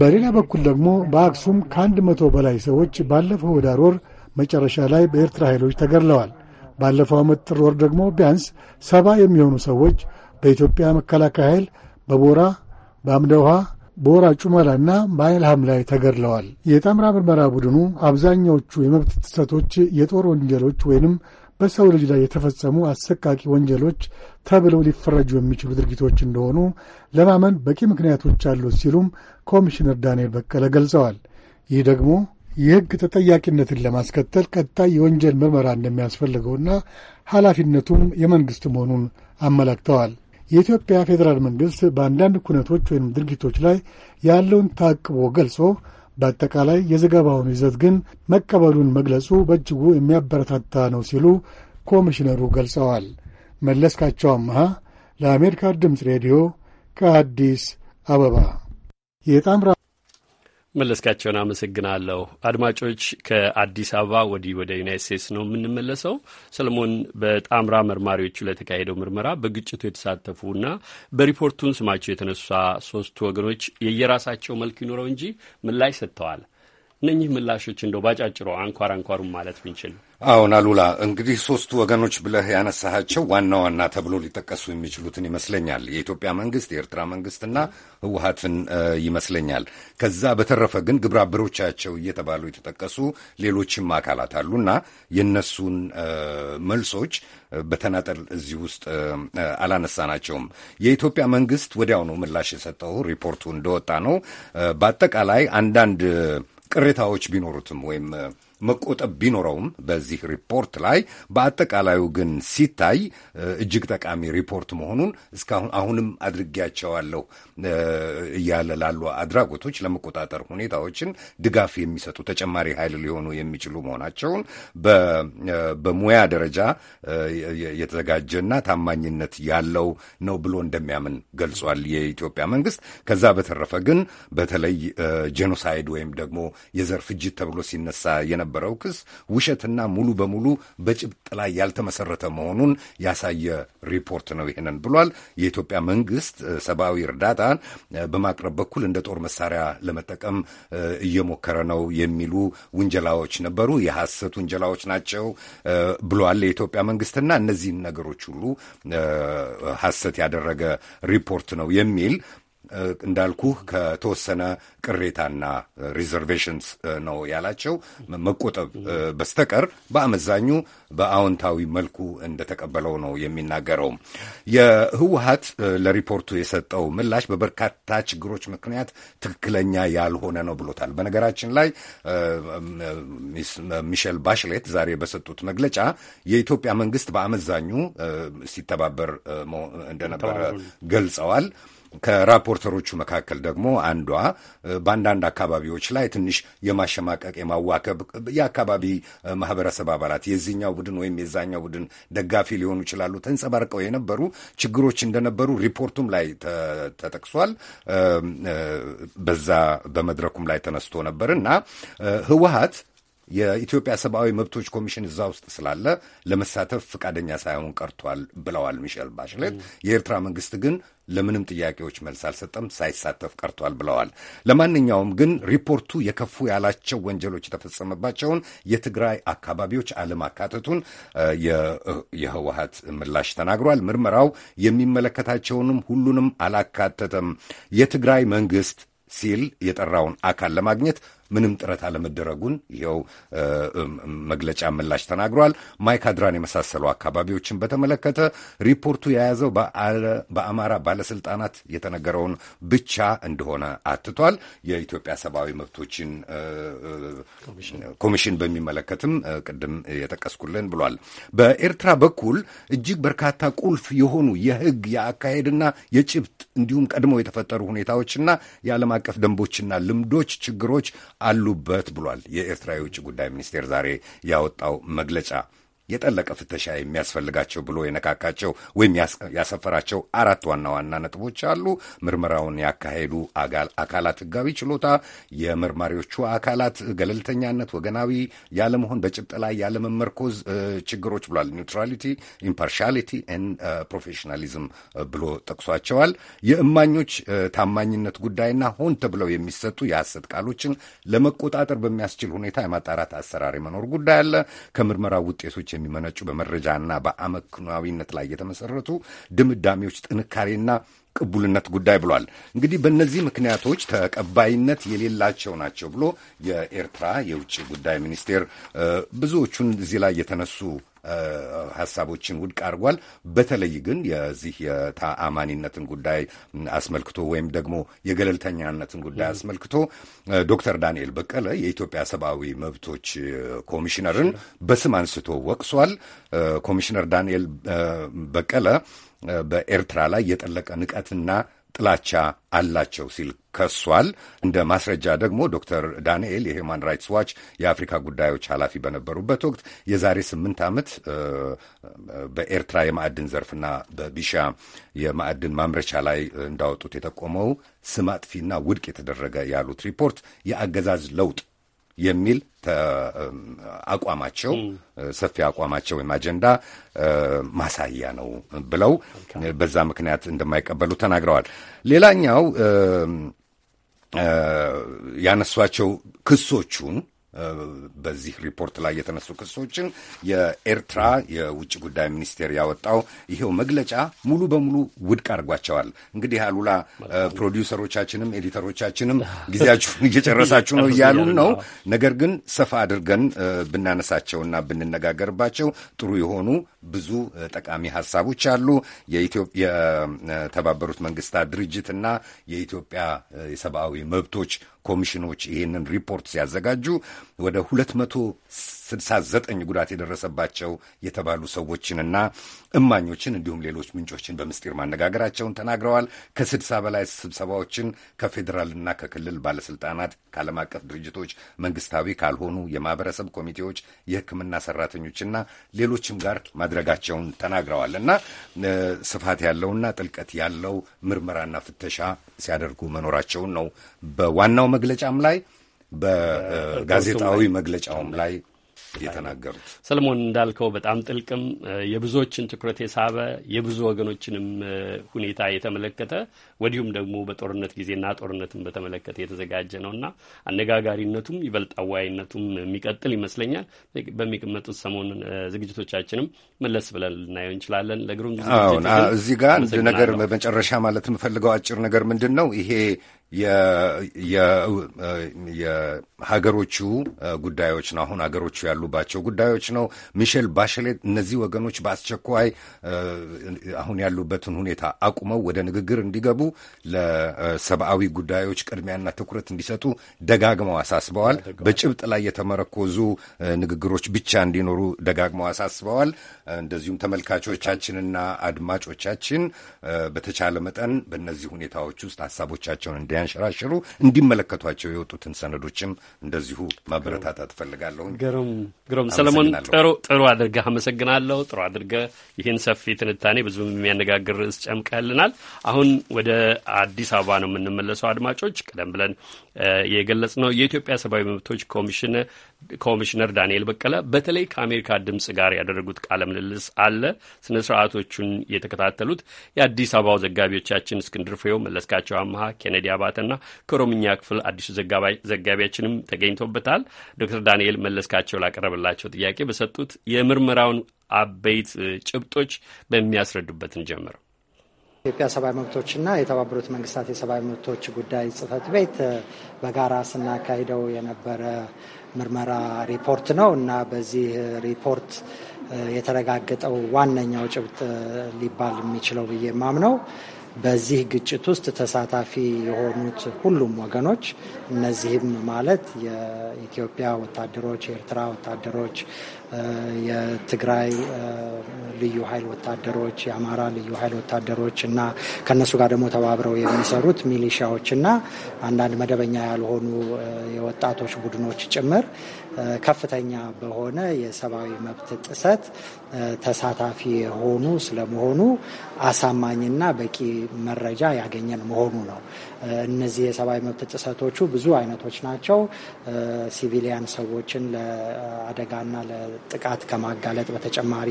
በሌላ በኩል ደግሞ በአክሱም ከአንድ መቶ በላይ ሰዎች ባለፈው ኅዳር ወር መጨረሻ ላይ በኤርትራ ኃይሎች ተገድለዋል። ባለፈው ዓመት ጥር ወር ደግሞ ቢያንስ ሰባ የሚሆኑ ሰዎች በኢትዮጵያ መከላከያ ኃይል በቦራ በአምደ ውሃ በወራ ጩመላና በአይልሃም ላይ ተገድለዋል። የጣምራ ምርመራ ቡድኑ አብዛኛዎቹ የመብት ጥሰቶች የጦር ወንጀሎች ወይንም በሰው ልጅ ላይ የተፈጸሙ አሰቃቂ ወንጀሎች ተብለው ሊፈረጁ የሚችሉ ድርጊቶች እንደሆኑ ለማመን በቂ ምክንያቶች አሉት ሲሉም ኮሚሽነር ዳንኤል በቀለ ገልጸዋል። ይህ ደግሞ የሕግ ተጠያቂነትን ለማስከተል ቀጣይ የወንጀል ምርመራ እንደሚያስፈልገውና ኃላፊነቱም የመንግሥት መሆኑን አመላክተዋል። የኢትዮጵያ ፌዴራል መንግሥት በአንዳንድ ኩነቶች ወይም ድርጊቶች ላይ ያለውን ታቅቦ ገልጾ በአጠቃላይ የዘገባውን ይዘት ግን መቀበሉን መግለጹ በእጅጉ የሚያበረታታ ነው ሲሉ ኮሚሽነሩ ገልጸዋል። መለስካቸው አመሃ ለአሜሪካ ድምፅ ሬዲዮ ከአዲስ አበባ የጣምራ መለስካቸውን አመሰግናለሁ። አድማጮች ከአዲስ አበባ ወዲህ ወደ ዩናይት ስቴትስ ነው የምንመለሰው። ሰለሞን በጣምራ መርማሪዎቹ ለተካሄደው ምርመራ በግጭቱ የተሳተፉና በሪፖርቱን ስማቸው የተነሳ ሶስቱ ወገኖች የየራሳቸው መልክ ይኖረው እንጂ ምላሽ ሰጥተዋል። እነኚህ ምላሾች እንደው ባጫጭሮ አንኳር አንኳሩም ማለት ብንችል። አሁን አሉላ፣ እንግዲህ ሶስቱ ወገኖች ብለህ ያነሳሃቸው ዋና ዋና ተብሎ ሊጠቀሱ የሚችሉትን ይመስለኛል። የኢትዮጵያ መንግስት፣ የኤርትራ መንግስትና ህወሀትን ይመስለኛል። ከዛ በተረፈ ግን ግብረ እየተባሉ የተጠቀሱ ሌሎችም አካላት አሉና የእነሱን መልሶች በተናጠል እዚህ ውስጥ አላነሳናቸውም። የኢትዮጵያ መንግስት ወዲያውኑ ምላሽ የሰጠው ሪፖርቱ እንደወጣ ነው። በአጠቃላይ አንዳንድ ቅሬታዎች ቢኖሩትም ወይም መቆጠብ ቢኖረውም በዚህ ሪፖርት ላይ በአጠቃላዩ ግን ሲታይ እጅግ ጠቃሚ ሪፖርት መሆኑን እስካሁን አሁንም አድርጌያቸዋለሁ እያለ ላሉ አድራጎቶች ለመቆጣጠር ሁኔታዎችን ድጋፍ የሚሰጡ ተጨማሪ ኃይል ሊሆኑ የሚችሉ መሆናቸውን በሙያ ደረጃ የተዘጋጀና ታማኝነት ያለው ነው ብሎ እንደሚያምን ገልጿል የኢትዮጵያ መንግስት። ከዛ በተረፈ ግን በተለይ ጄኖሳይድ ወይም ደግሞ የዘር ፍጅት ተብሎ ሲነሳ የነበረው ክስ ውሸትና ሙሉ በሙሉ በጭብጥ ላይ ያልተመሰረተ መሆኑን ያሳየ ሪፖርት ነው ይህንን ብሏል። የኢትዮጵያ መንግስት ሰብአዊ እርዳታ ስልጣን በማቅረብ በኩል እንደ ጦር መሳሪያ ለመጠቀም እየሞከረ ነው የሚሉ ውንጀላዎች ነበሩ። የሐሰት ውንጀላዎች ናቸው ብሏል የኢትዮጵያ መንግስትና እነዚህን ነገሮች ሁሉ ሐሰት ያደረገ ሪፖርት ነው የሚል እንዳልኩህ ከተወሰነ ቅሬታና ሪዘርቬሽንስ ነው ያላቸው መቆጠብ በስተቀር በአመዛኙ በአዎንታዊ መልኩ እንደተቀበለው ነው የሚናገረው። የህወሀት ለሪፖርቱ የሰጠው ምላሽ በበርካታ ችግሮች ምክንያት ትክክለኛ ያልሆነ ነው ብሎታል። በነገራችን ላይ ሚሸል ባሽሌት ዛሬ በሰጡት መግለጫ የኢትዮጵያ መንግስት በአመዛኙ ሲተባበር እንደነበረ ገልጸዋል። ከራፖርተሮቹ መካከል ደግሞ አንዷ በአንዳንድ አካባቢዎች ላይ ትንሽ የማሸማቀቅ የማዋከብ የአካባቢ ማህበረሰብ አባላት የዚህኛው ቡድን ወይም የዛኛው ቡድን ደጋፊ ሊሆኑ ይችላሉ ተንጸባርቀው የነበሩ ችግሮች እንደነበሩ ሪፖርቱም ላይ ተጠቅሷል። በዛ በመድረኩም ላይ ተነስቶ ነበር እና ህወሀት የኢትዮጵያ ሰብአዊ መብቶች ኮሚሽን እዛ ውስጥ ስላለ ለመሳተፍ ፈቃደኛ ሳይሆን ቀርቷል ብለዋል ሚሼል ባሽሌት። የኤርትራ መንግስት ግን ለምንም ጥያቄዎች መልስ አልሰጠም፣ ሳይሳተፍ ቀርቷል ብለዋል። ለማንኛውም ግን ሪፖርቱ የከፉ ያላቸው ወንጀሎች የተፈጸመባቸውን የትግራይ አካባቢዎች አለማካተቱን የህወሀት ምላሽ ተናግሯል። ምርመራው የሚመለከታቸውንም ሁሉንም አላካተተም። የትግራይ መንግስት ሲል የጠራውን አካል ለማግኘት ምንም ጥረት አለመደረጉን ይኸው መግለጫ ምላሽ ተናግሯል። ማይካድራን የመሳሰሉ አካባቢዎችን በተመለከተ ሪፖርቱ የያዘው በአማራ ባለስልጣናት የተነገረውን ብቻ እንደሆነ አትቷል። የኢትዮጵያ ሰብአዊ መብቶችን ኮሚሽን በሚመለከትም ቅድም የጠቀስኩልን ብሏል። በኤርትራ በኩል እጅግ በርካታ ቁልፍ የሆኑ የህግ የአካሄድና የጭብጥ እንዲሁም ቀድሞ የተፈጠሩ ሁኔታዎችና የዓለም አቀፍ ደንቦችና ልምዶች ችግሮች አሉበት ብሏል የኤርትራ የውጭ ጉዳይ ሚኒስቴር ዛሬ ያወጣው መግለጫ። የጠለቀ ፍተሻ የሚያስፈልጋቸው ብሎ የነካካቸው ወይም ያሰፈራቸው አራት ዋና ዋና ነጥቦች አሉ። ምርመራውን ያካሄዱ አካላት ህጋዊ ችሎታ፣ የመርማሪዎቹ አካላት ገለልተኛነት፣ ወገናዊ ያለመሆን፣ በጭብጥ ላይ ያለመመርኮዝ ችግሮች ብሏል። ኒውትራሊቲ፣ ኢምፓርሻሊቲ ፕሮፌሽናሊዝም ብሎ ጠቅሷቸዋል። የእማኞች ታማኝነት ጉዳይና ሆን ተብለው የሚሰጡ የሐሰት ቃሎችን ለመቆጣጠር በሚያስችል ሁኔታ የማጣራት አሰራር የመኖር ጉዳይ አለ። ከምርመራ ውጤቶች የሚመነጩ በመረጃና በአመክኗዊነት ላይ የተመሰረቱ ድምዳሜዎች ጥንካሬና ቅቡልነት ጉዳይ ብሏል። እንግዲህ በእነዚህ ምክንያቶች ተቀባይነት የሌላቸው ናቸው ብሎ የኤርትራ የውጭ ጉዳይ ሚኒስቴር ብዙዎቹን እዚህ ላይ የተነሱ ሀሳቦችን ውድቅ አድርጓል። በተለይ ግን የዚህ የተአማኒነትን ጉዳይ አስመልክቶ ወይም ደግሞ የገለልተኛነትን ጉዳይ አስመልክቶ ዶክተር ዳንኤል በቀለ የኢትዮጵያ ሰብአዊ መብቶች ኮሚሽነርን በስም አንስቶ ወቅሷል። ኮሚሽነር ዳንኤል በቀለ በኤርትራ ላይ የጠለቀ ንቀትና ጥላቻ አላቸው ሲል ከሷል። እንደ ማስረጃ ደግሞ ዶክተር ዳንኤል የሂውማን ራይትስ ዋች የአፍሪካ ጉዳዮች ኃላፊ በነበሩበት ወቅት የዛሬ ስምንት ዓመት በኤርትራ የማዕድን ዘርፍና በቢሻ የማዕድን ማምረቻ ላይ እንዳወጡት የጠቆመው ስም አጥፊና ውድቅ የተደረገ ያሉት ሪፖርት የአገዛዝ ለውጥ የሚል አቋማቸው ሰፊ አቋማቸው ወይም አጀንዳ ማሳያ ነው ብለው በዛ ምክንያት እንደማይቀበሉ ተናግረዋል። ሌላኛው ያነሷቸው ክሶቹን በዚህ ሪፖርት ላይ የተነሱ ክሶችን የኤርትራ የውጭ ጉዳይ ሚኒስቴር ያወጣው ይሄው መግለጫ ሙሉ በሙሉ ውድቅ አድርጓቸዋል። እንግዲህ አሉላ ፕሮዲውሰሮቻችንም ኤዲተሮቻችንም ጊዜያችሁን እየጨረሳችሁ ነው እያሉን ነው። ነገር ግን ሰፋ አድርገን ብናነሳቸውና ብንነጋገርባቸው ጥሩ የሆኑ ብዙ ጠቃሚ ሀሳቦች አሉ። የተባበሩት መንግስታት ድርጅትና የኢትዮጵያ የሰብአዊ መብቶች ኮሚሽኖች ይህንን ሪፖርት ሲያዘጋጁ ወደ ሁለት መቶ 69 ጉዳት የደረሰባቸው የተባሉ ሰዎችንና እማኞችን እንዲሁም ሌሎች ምንጮችን በምስጢር ማነጋገራቸውን ተናግረዋል። ከስድሳ በላይ ስብሰባዎችን ከፌዴራልና ከክልል ባለስልጣናት፣ ከዓለም አቀፍ ድርጅቶች፣ መንግስታዊ ካልሆኑ የማህበረሰብ ኮሚቴዎች፣ የሕክምና ሰራተኞችና ሌሎችም ጋር ማድረጋቸውን ተናግረዋል እና ስፋት ያለውና ጥልቀት ያለው ምርመራና ፍተሻ ሲያደርጉ መኖራቸውን ነው በዋናው መግለጫም ላይ በጋዜጣዊ መግለጫውም ላይ የተናገሩት። ሰለሞን እንዳልከው በጣም ጥልቅም የብዙዎችን ትኩረት የሳበ የብዙ ወገኖችንም ሁኔታ የተመለከተ ወዲሁም ደግሞ በጦርነት ጊዜና ጦርነትን በተመለከተ የተዘጋጀ ነውና አነጋጋሪነቱም ይበልጥ አዋይነቱም የሚቀጥል ይመስለኛል። በሚቀመጡት ሰሞን ዝግጅቶቻችንም መለስ ብለን ልናየው እንችላለን። ለግሩም እዚህ ጋር አንድ ነገር በመጨረሻ ማለት የምፈልገው አጭር ነገር ምንድን ነው ይሄ የሀገሮቹ ጉዳዮች ነው። አሁን ሀገሮቹ ያሉባቸው ጉዳዮች ነው። ሚሼል ባሸሌት እነዚህ ወገኖች በአስቸኳይ አሁን ያሉበትን ሁኔታ አቁመው ወደ ንግግር እንዲገቡ ለሰብአዊ ጉዳዮች ቅድሚያና ትኩረት እንዲሰጡ ደጋግመው አሳስበዋል። በጭብጥ ላይ የተመረኮዙ ንግግሮች ብቻ እንዲኖሩ ደጋግመው አሳስበዋል። እንደዚሁም ተመልካቾቻችንና አድማጮቻችን በተቻለ መጠን በእነዚህ ሁኔታዎች ውስጥ ሀሳቦቻቸውን እንዲያ የሚያንሸራሽሩ እንዲመለከቷቸው የወጡትን ሰነዶችም እንደዚሁ ማበረታታት እፈልጋለሁ። ግሩም ሰለሞን፣ ጥሩ ጥሩ አድርገህ አመሰግናለሁ። ጥሩ አድርገህ ይህን ሰፊ ትንታኔ ብዙ የሚያነጋግር ርዕስ ጨምቀህልናል። አሁን ወደ አዲስ አበባ ነው የምንመለሰው። አድማጮች፣ ቀደም ብለን የገለጽ ነው የኢትዮጵያ ሰብአዊ መብቶች ኮሚሽን ኮሚሽነር ዳንኤል በቀለ በተለይ ከአሜሪካ ድምፅ ጋር ያደረጉት ቃለ ምልልስ አለ። ስነ ስርዓቶቹን የተከታተሉት የአዲስ አበባው ዘጋቢዎቻችን እስክንድር ፍሬው፣ መለስካቸው አመሃ፣ ኬኔዲ አባተና ከኦሮምኛ ክፍል አዲሱ ዘጋቢያችንም ተገኝቶበታል። ዶክተር ዳንኤል መለስካቸው ላቀረበላቸው ጥያቄ በሰጡት የምርመራውን አበይት ጭብጦች በሚያስረዱበትን ጀምር ኢትዮጵያ ሰብአዊ መብቶችና የተባበሩት መንግስታት የሰብአዊ መብቶች ጉዳይ ጽህፈት ቤት በጋራ ስናካሂደው የነበረ ምርመራ ሪፖርት ነው እና በዚህ ሪፖርት የተረጋገጠው ዋነኛው ጭብጥ ሊባል የሚችለው ብዬ ማምነው በዚህ ግጭት ውስጥ ተሳታፊ የሆኑት ሁሉም ወገኖች እነዚህም ማለት የኢትዮጵያ ወታደሮች፣ የኤርትራ ወታደሮች፣ የትግራይ ልዩ ኃይል ወታደሮች፣ የአማራ ልዩ ኃይል ወታደሮች እና ከእነሱ ጋር ደግሞ ተባብረው የሚሰሩት ሚሊሻዎች እና አንዳንድ መደበኛ ያልሆኑ የወጣቶች ቡድኖች ጭምር ከፍተኛ በሆነ የሰብአዊ መብት ጥሰት ተሳታፊ የሆኑ ስለመሆኑ አሳማኝና በቂ መረጃ ያገኘን መሆኑ ነው። እነዚህ የሰብአዊ መብት ጥሰቶቹ ብዙ አይነቶች ናቸው። ሲቪሊያን ሰዎችን ለአደጋና ለጥቃት ከማጋለጥ በተጨማሪ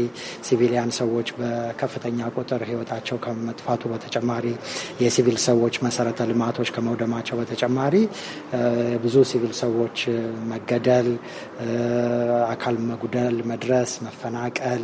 ሲቪሊያን ሰዎች በከፍተኛ ቁጥር ሕይወታቸው ከመጥፋቱ በተጨማሪ የሲቪል ሰዎች መሰረተ ልማቶች ከመውደማቸው በተጨማሪ ብዙ ሲቪል ሰዎች መገደል፣ አካል መጉደል፣ መድረስ፣ መፈናቀል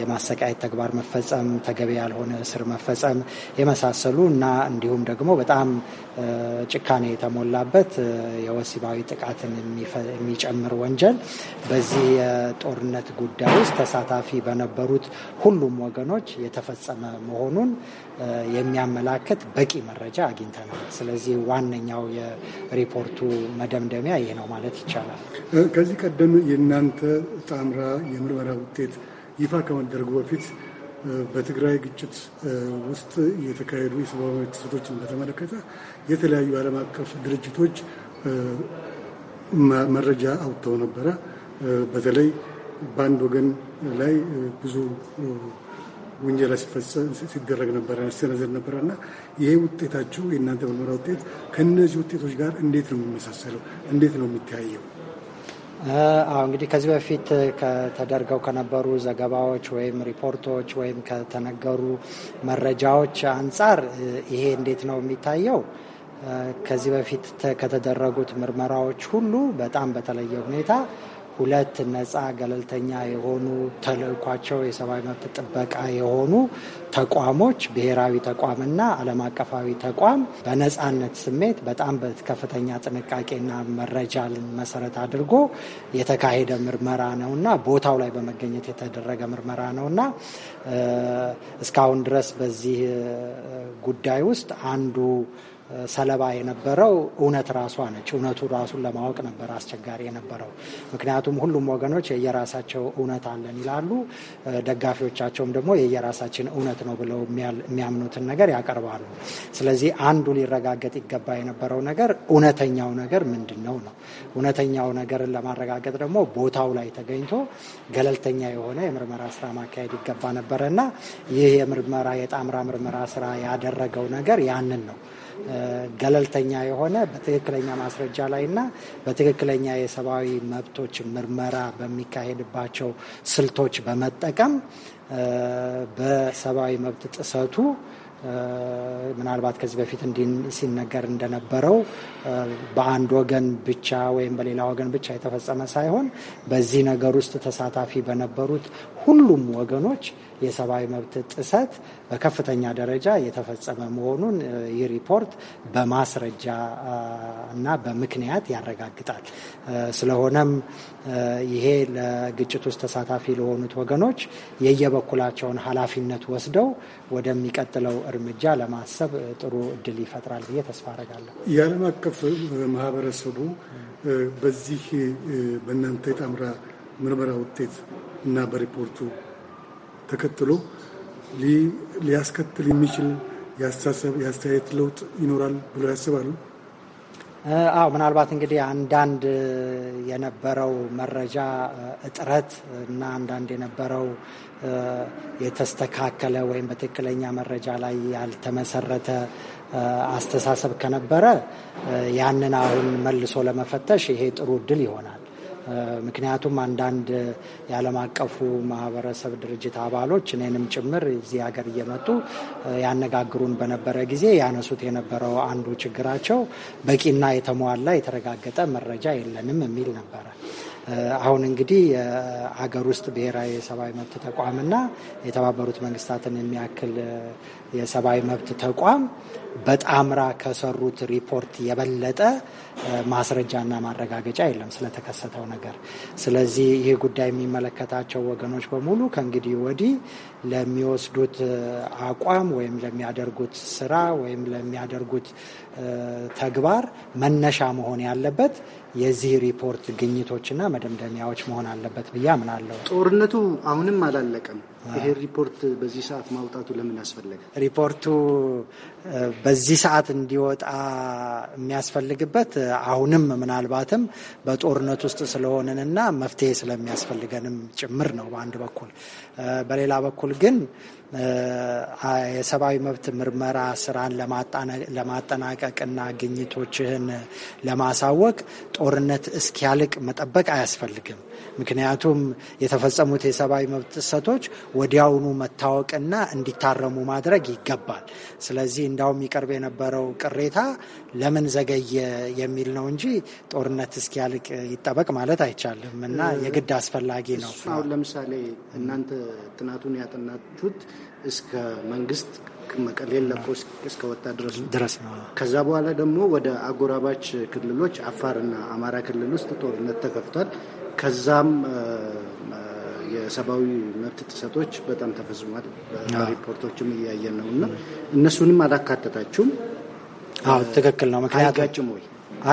የማሰቃየት ተግባር መፈጸም፣ ተገቢ ያልሆነ እስር መፈጸም የመሳሰሉ እና እንዲሁም ደግሞ በጣም ጭካኔ የተሞላበት የወሲባዊ ጥቃትን የሚጨምር ወንጀል በዚህ የጦርነት ጉዳይ ውስጥ ተሳታፊ በነበሩት ሁሉም ወገኖች የተፈጸመ መሆኑን የሚያመላክት በቂ መረጃ አግኝተናል። ስለዚህ ዋነኛው የሪፖርቱ መደምደሚያ ይህ ነው ማለት ይቻላል። ከዚህ ቀደም የእናንተ ጣምራ የምርመራ ውጤት ይፋ ከመደረጉ በፊት በትግራይ ግጭት ውስጥ የተካሄዱ የሰብአዊ መብት ጥሰቶችን በተመለከተ የተለያዩ ዓለም አቀፍ ድርጅቶች መረጃ አውጥተው ነበረ። በተለይ በአንድ ወገን ላይ ብዙ ውንጀላ ሲደረግ ነበረ፣ ሲሰነዘር ነበረ እና ይሄ ውጤታችሁ የእናንተ ምርመራ ውጤት ከእነዚህ ውጤቶች ጋር እንዴት ነው የሚመሳሰለው? እንዴት ነው የሚተያየው? እንግዲህ ከዚህ በፊት ከተደርገው ከነበሩ ዘገባዎች ወይም ሪፖርቶች ወይም ከተነገሩ መረጃዎች አንጻር ይሄ እንዴት ነው የሚታየው? ከዚህ በፊት ከተደረጉት ምርመራዎች ሁሉ በጣም በተለየ ሁኔታ ሁለት ነፃ ገለልተኛ የሆኑ ተልእኳቸው የሰብአዊ መብት ጥበቃ የሆኑ ተቋሞች ብሔራዊ ተቋምና ዓለም አቀፋዊ ተቋም በነፃነት ስሜት በጣም በከፍተኛ ጥንቃቄና መረጃ መሰረት አድርጎ የተካሄደ ምርመራ ነውና ቦታው ላይ በመገኘት የተደረገ ምርመራ ነውና እስካሁን ድረስ በዚህ ጉዳይ ውስጥ አንዱ ሰለባ የነበረው እውነት ራሷ ነች። እውነቱ ራሱን ለማወቅ ነበር አስቸጋሪ የነበረው። ምክንያቱም ሁሉም ወገኖች የየራሳቸው እውነት አለን ይላሉ። ደጋፊዎቻቸውም ደግሞ የየራሳችን እውነት ነው ብለው የሚያምኑትን ነገር ያቀርባሉ። ስለዚህ አንዱ ሊረጋገጥ ይገባ የነበረው ነገር እውነተኛው ነገር ምንድን ነው ነው። እውነተኛው ነገርን ለማረጋገጥ ደግሞ ቦታው ላይ ተገኝቶ ገለልተኛ የሆነ የምርመራ ስራ ማካሄድ ይገባ ነበረ እና ይህ የምርመራ የጣምራ ምርመራ ስራ ያደረገው ነገር ያንን ነው። ገለልተኛ የሆነ በትክክለኛ ማስረጃ ላይና በትክክለኛ የሰብአዊ መብቶች ምርመራ በሚካሄድባቸው ስልቶች በመጠቀም በሰብአዊ መብት ጥሰቱ ምናልባት ከዚህ በፊት እንዲህ ሲነገር እንደነበረው በአንድ ወገን ብቻ ወይም በሌላ ወገን ብቻ የተፈጸመ ሳይሆን በዚህ ነገር ውስጥ ተሳታፊ በነበሩት ሁሉም ወገኖች የሰብአዊ መብት ጥሰት በከፍተኛ ደረጃ የተፈጸመ መሆኑን ይህ ሪፖርት በማስረጃ እና በምክንያት ያረጋግጣል። ስለሆነም ይሄ ለግጭት ውስጥ ተሳታፊ ለሆኑት ወገኖች የየበኩላቸውን ኃላፊነት ወስደው ወደሚቀጥለው እርምጃ ለማሰብ ጥሩ እድል ይፈጥራል ብዬ ተስፋ አረጋለሁ። የዓለም አቀፍ ማህበረሰቡ በዚህ በእናንተ የጣምራ ምርመራ ውጤት እና በሪፖርቱ ተከትሎ ሊያስከትል የሚችል የአስተሳሰብ የአስተያየት ለውጥ ይኖራል ብሎ ያስባሉ? አዎ ምናልባት እንግዲህ አንዳንድ የነበረው መረጃ እጥረት እና አንዳንድ የነበረው የተስተካከለ ወይም በትክክለኛ መረጃ ላይ ያልተመሰረተ አስተሳሰብ ከነበረ ያንን አሁን መልሶ ለመፈተሽ ይሄ ጥሩ እድል ይሆናል። ምክንያቱም አንዳንድ የዓለም አቀፉ ማህበረሰብ ድርጅት አባሎች እኔንም ጭምር እዚህ ሀገር እየመጡ ያነጋግሩን በነበረ ጊዜ ያነሱት የነበረው አንዱ ችግራቸው በቂና የተሟላ የተረጋገጠ መረጃ የለንም የሚል ነበረ። አሁን እንግዲህ የሀገር ውስጥ ብሔራዊ የሰብአዊ መብት ተቋምና የተባበሩት መንግስታትን የሚያክል የሰብአዊ መብት ተቋም በጣምራ ከሰሩት ሪፖርት የበለጠ ማስረጃና ማረጋገጫ የለም ስለተከሰተው ነገር። ስለዚህ ይህ ጉዳይ የሚመለከታቸው ወገኖች በሙሉ ከእንግዲህ ወዲህ ለሚወስዱት አቋም ወይም ለሚያደርጉት ስራ ወይም ለሚያደርጉት ተግባር መነሻ መሆን ያለበት የዚህ ሪፖርት ግኝቶችና መደምደሚያዎች መሆን አለበት ብዬ አምናለሁ። ጦርነቱ አሁንም አላለቀም። ይሄ ሪፖርት በዚህ ሰዓት ማውጣቱ ለምን አስፈለገ? ሪፖርቱ በዚህ ሰዓት እንዲወጣ የሚያስፈልግበት አሁንም ምናልባትም በጦርነት ውስጥ ስለሆንንና መፍትሄ ስለሚያስፈልገንም ጭምር ነው በአንድ በኩል። በሌላ በኩል ግን የሰብአዊ መብት ምርመራ ስራን ለማጠናቀቅና ግኝቶችህን ለማሳወቅ ጦርነት እስኪያልቅ መጠበቅ አያስፈልግም። ምክንያቱም የተፈጸሙት የሰብአዊ መብት ጥሰቶች ወዲያውኑ መታወቅና እንዲታረሙ ማድረግ ይገባል። ስለዚህ እንዳውም ይቀርብ የነበረው ቅሬታ ለምን ዘገየ የሚል ነው እንጂ ጦርነት እስኪያልቅ ይጠበቅ ማለት አይቻልም እና የግድ አስፈላጊ ነው። አሁን ለምሳሌ እናንተ ጥናቱን ያጠናችሁት እስከ መንግስት መቀሌን ለቆ እስከወጣ ድረስ ነው። ከዛ በኋላ ደግሞ ወደ አጎራባች ክልሎች አፋርና አማራ ክልል ውስጥ ጦርነት ተከፍቷል። ከዛም የሰብአዊ መብት ጥሰቶች በጣም ተፈጽሟል። ሪፖርቶችም እያየን ነው እና እነሱንም አላካተታችሁም። ትክክል ነው። ምክንያቱም አይጋጭም ወይ?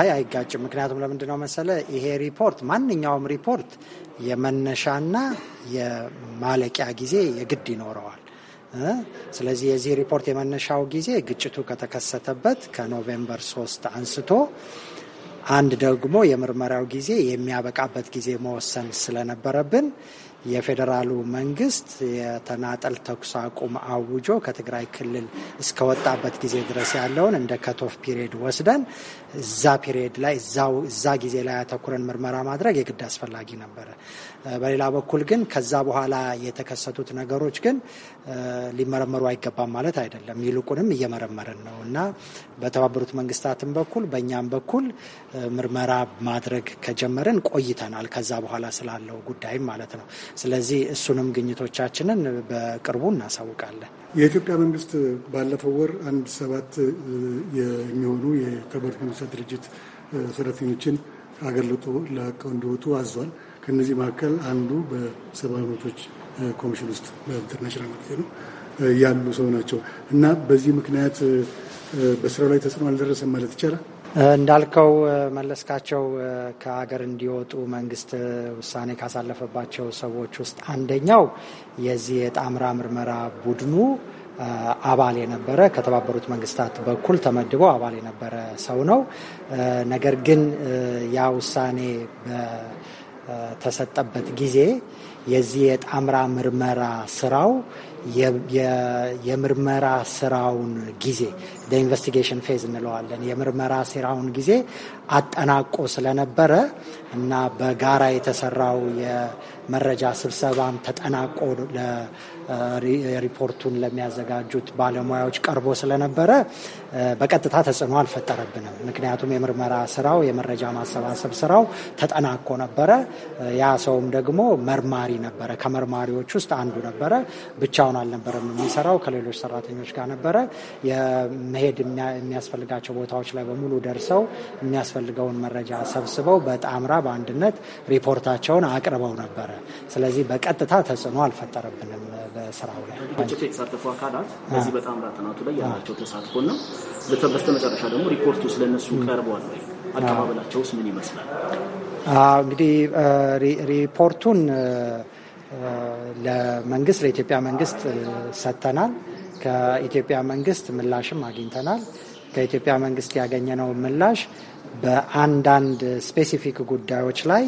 አይ አይጋጭም። ምክንያቱም ለምንድን ነው መሰለ ይሄ ሪፖርት ማንኛውም ሪፖርት የመነሻና የማለቂያ ጊዜ የግድ ይኖረዋል። ስለዚህ የዚህ ሪፖርት የመነሻው ጊዜ ግጭቱ ከተከሰተበት ከኖቬምበር ሶስት አንስቶ አንድ ደግሞ የምርመራው ጊዜ የሚያበቃበት ጊዜ መወሰን ስለነበረብን የፌዴራሉ መንግስት የተናጠል ተኩስ አቁም አውጆ ከትግራይ ክልል እስከወጣበት ጊዜ ድረስ ያለውን እንደ ከቶፍ ፒሪየድ ወስደን እዛ ፒሪየድ ላይ እዛ ጊዜ ላይ ያተኩረን ምርመራ ማድረግ የግድ አስፈላጊ ነበረ። በሌላ በኩል ግን ከዛ በኋላ የተከሰቱት ነገሮች ግን ሊመረመሩ አይገባም ማለት አይደለም። ይልቁንም እየመረመርን ነው እና በተባበሩት መንግስታትም በኩል በእኛም በኩል ምርመራ ማድረግ ከጀመርን ቆይተናል። ከዛ በኋላ ስላለው ጉዳይም ማለት ነው። ስለዚህ እሱንም ግኝቶቻችንን በቅርቡ እናሳውቃለን። የኢትዮጵያ መንግስት ባለፈው ወር አንድ ሰባት የሚሆኑ የተባበሩት መንግስታት ድርጅት ሰራተኞችን አገር ለቀው እንዲወጡ አዟል። ከነዚህ መካከል አንዱ በሰብአዊ መብቶች ኮሚሽን ውስጥ በኢንተርናሽናል ማለት ነው ያሉ ሰው ናቸው እና በዚህ ምክንያት በስራው ላይ ተጽዕኖ አልደረሰም ማለት ይቻላል። እንዳልከው መለስካቸው ከሀገር እንዲወጡ መንግስት ውሳኔ ካሳለፈባቸው ሰዎች ውስጥ አንደኛው የዚህ የጣምራ ምርመራ ቡድኑ አባል የነበረ ከተባበሩት መንግስታት በኩል ተመድቦ አባል የነበረ ሰው ነው። ነገር ግን ያ ውሳኔ በተሰጠበት ጊዜ የዚህ የጣምራ ምርመራ ስራው የምርመራ ስራውን ጊዜ ኢንቨስቲጌሽን ፌዝ እንለዋለን። የምርመራ ስራውን ጊዜ አጠናቆ ስለነበረ እና በጋራ የተሰራው መረጃ ስብሰባም ተጠናቆ ሪፖርቱን ለሚያዘጋጁት ባለሙያዎች ቀርቦ ስለነበረ በቀጥታ ተጽዕኖ አልፈጠረብንም። ምክንያቱም የምርመራ ስራው የመረጃ ማሰባሰብ ስራው ተጠናቆ ነበረ። ያ ሰውም ደግሞ መርማሪ ነበረ። ከመርማሪዎች ውስጥ አንዱ ነበረ። ብቻውን አልነበረም የሚሰራው፣ ከሌሎች ሰራተኞች ጋር ነበረ። የመሄድ የሚያስፈልጋቸው ቦታዎች ላይ በሙሉ ደርሰው የሚያስፈልገውን መረጃ ሰብስበው በጣምራ በአንድነት ሪፖርታቸውን አቅርበው ነበረ። ስለዚህ በቀጥታ ተጽዕኖ አልፈጠረብንም። በስራው ላይ ግጭቱ የተሳተፉ አካላት በዚህ በጣም ጥናቱ ላይ ያላቸው ተሳትፎና በስተመጨረሻ ደግሞ ሪፖርቱ ስለነሱ ቀርቧል ወይ? አቀባበላቸውስ ምን ይመስላል? እንግዲህ ሪፖርቱን ለመንግስት ለኢትዮጵያ መንግስት ሰጥተናል። ከኢትዮጵያ መንግስት ምላሽም አግኝተናል። ከኢትዮጵያ መንግስት ያገኘነው ምላሽ በአንዳንድ ስፔሲፊክ ጉዳዮች ላይ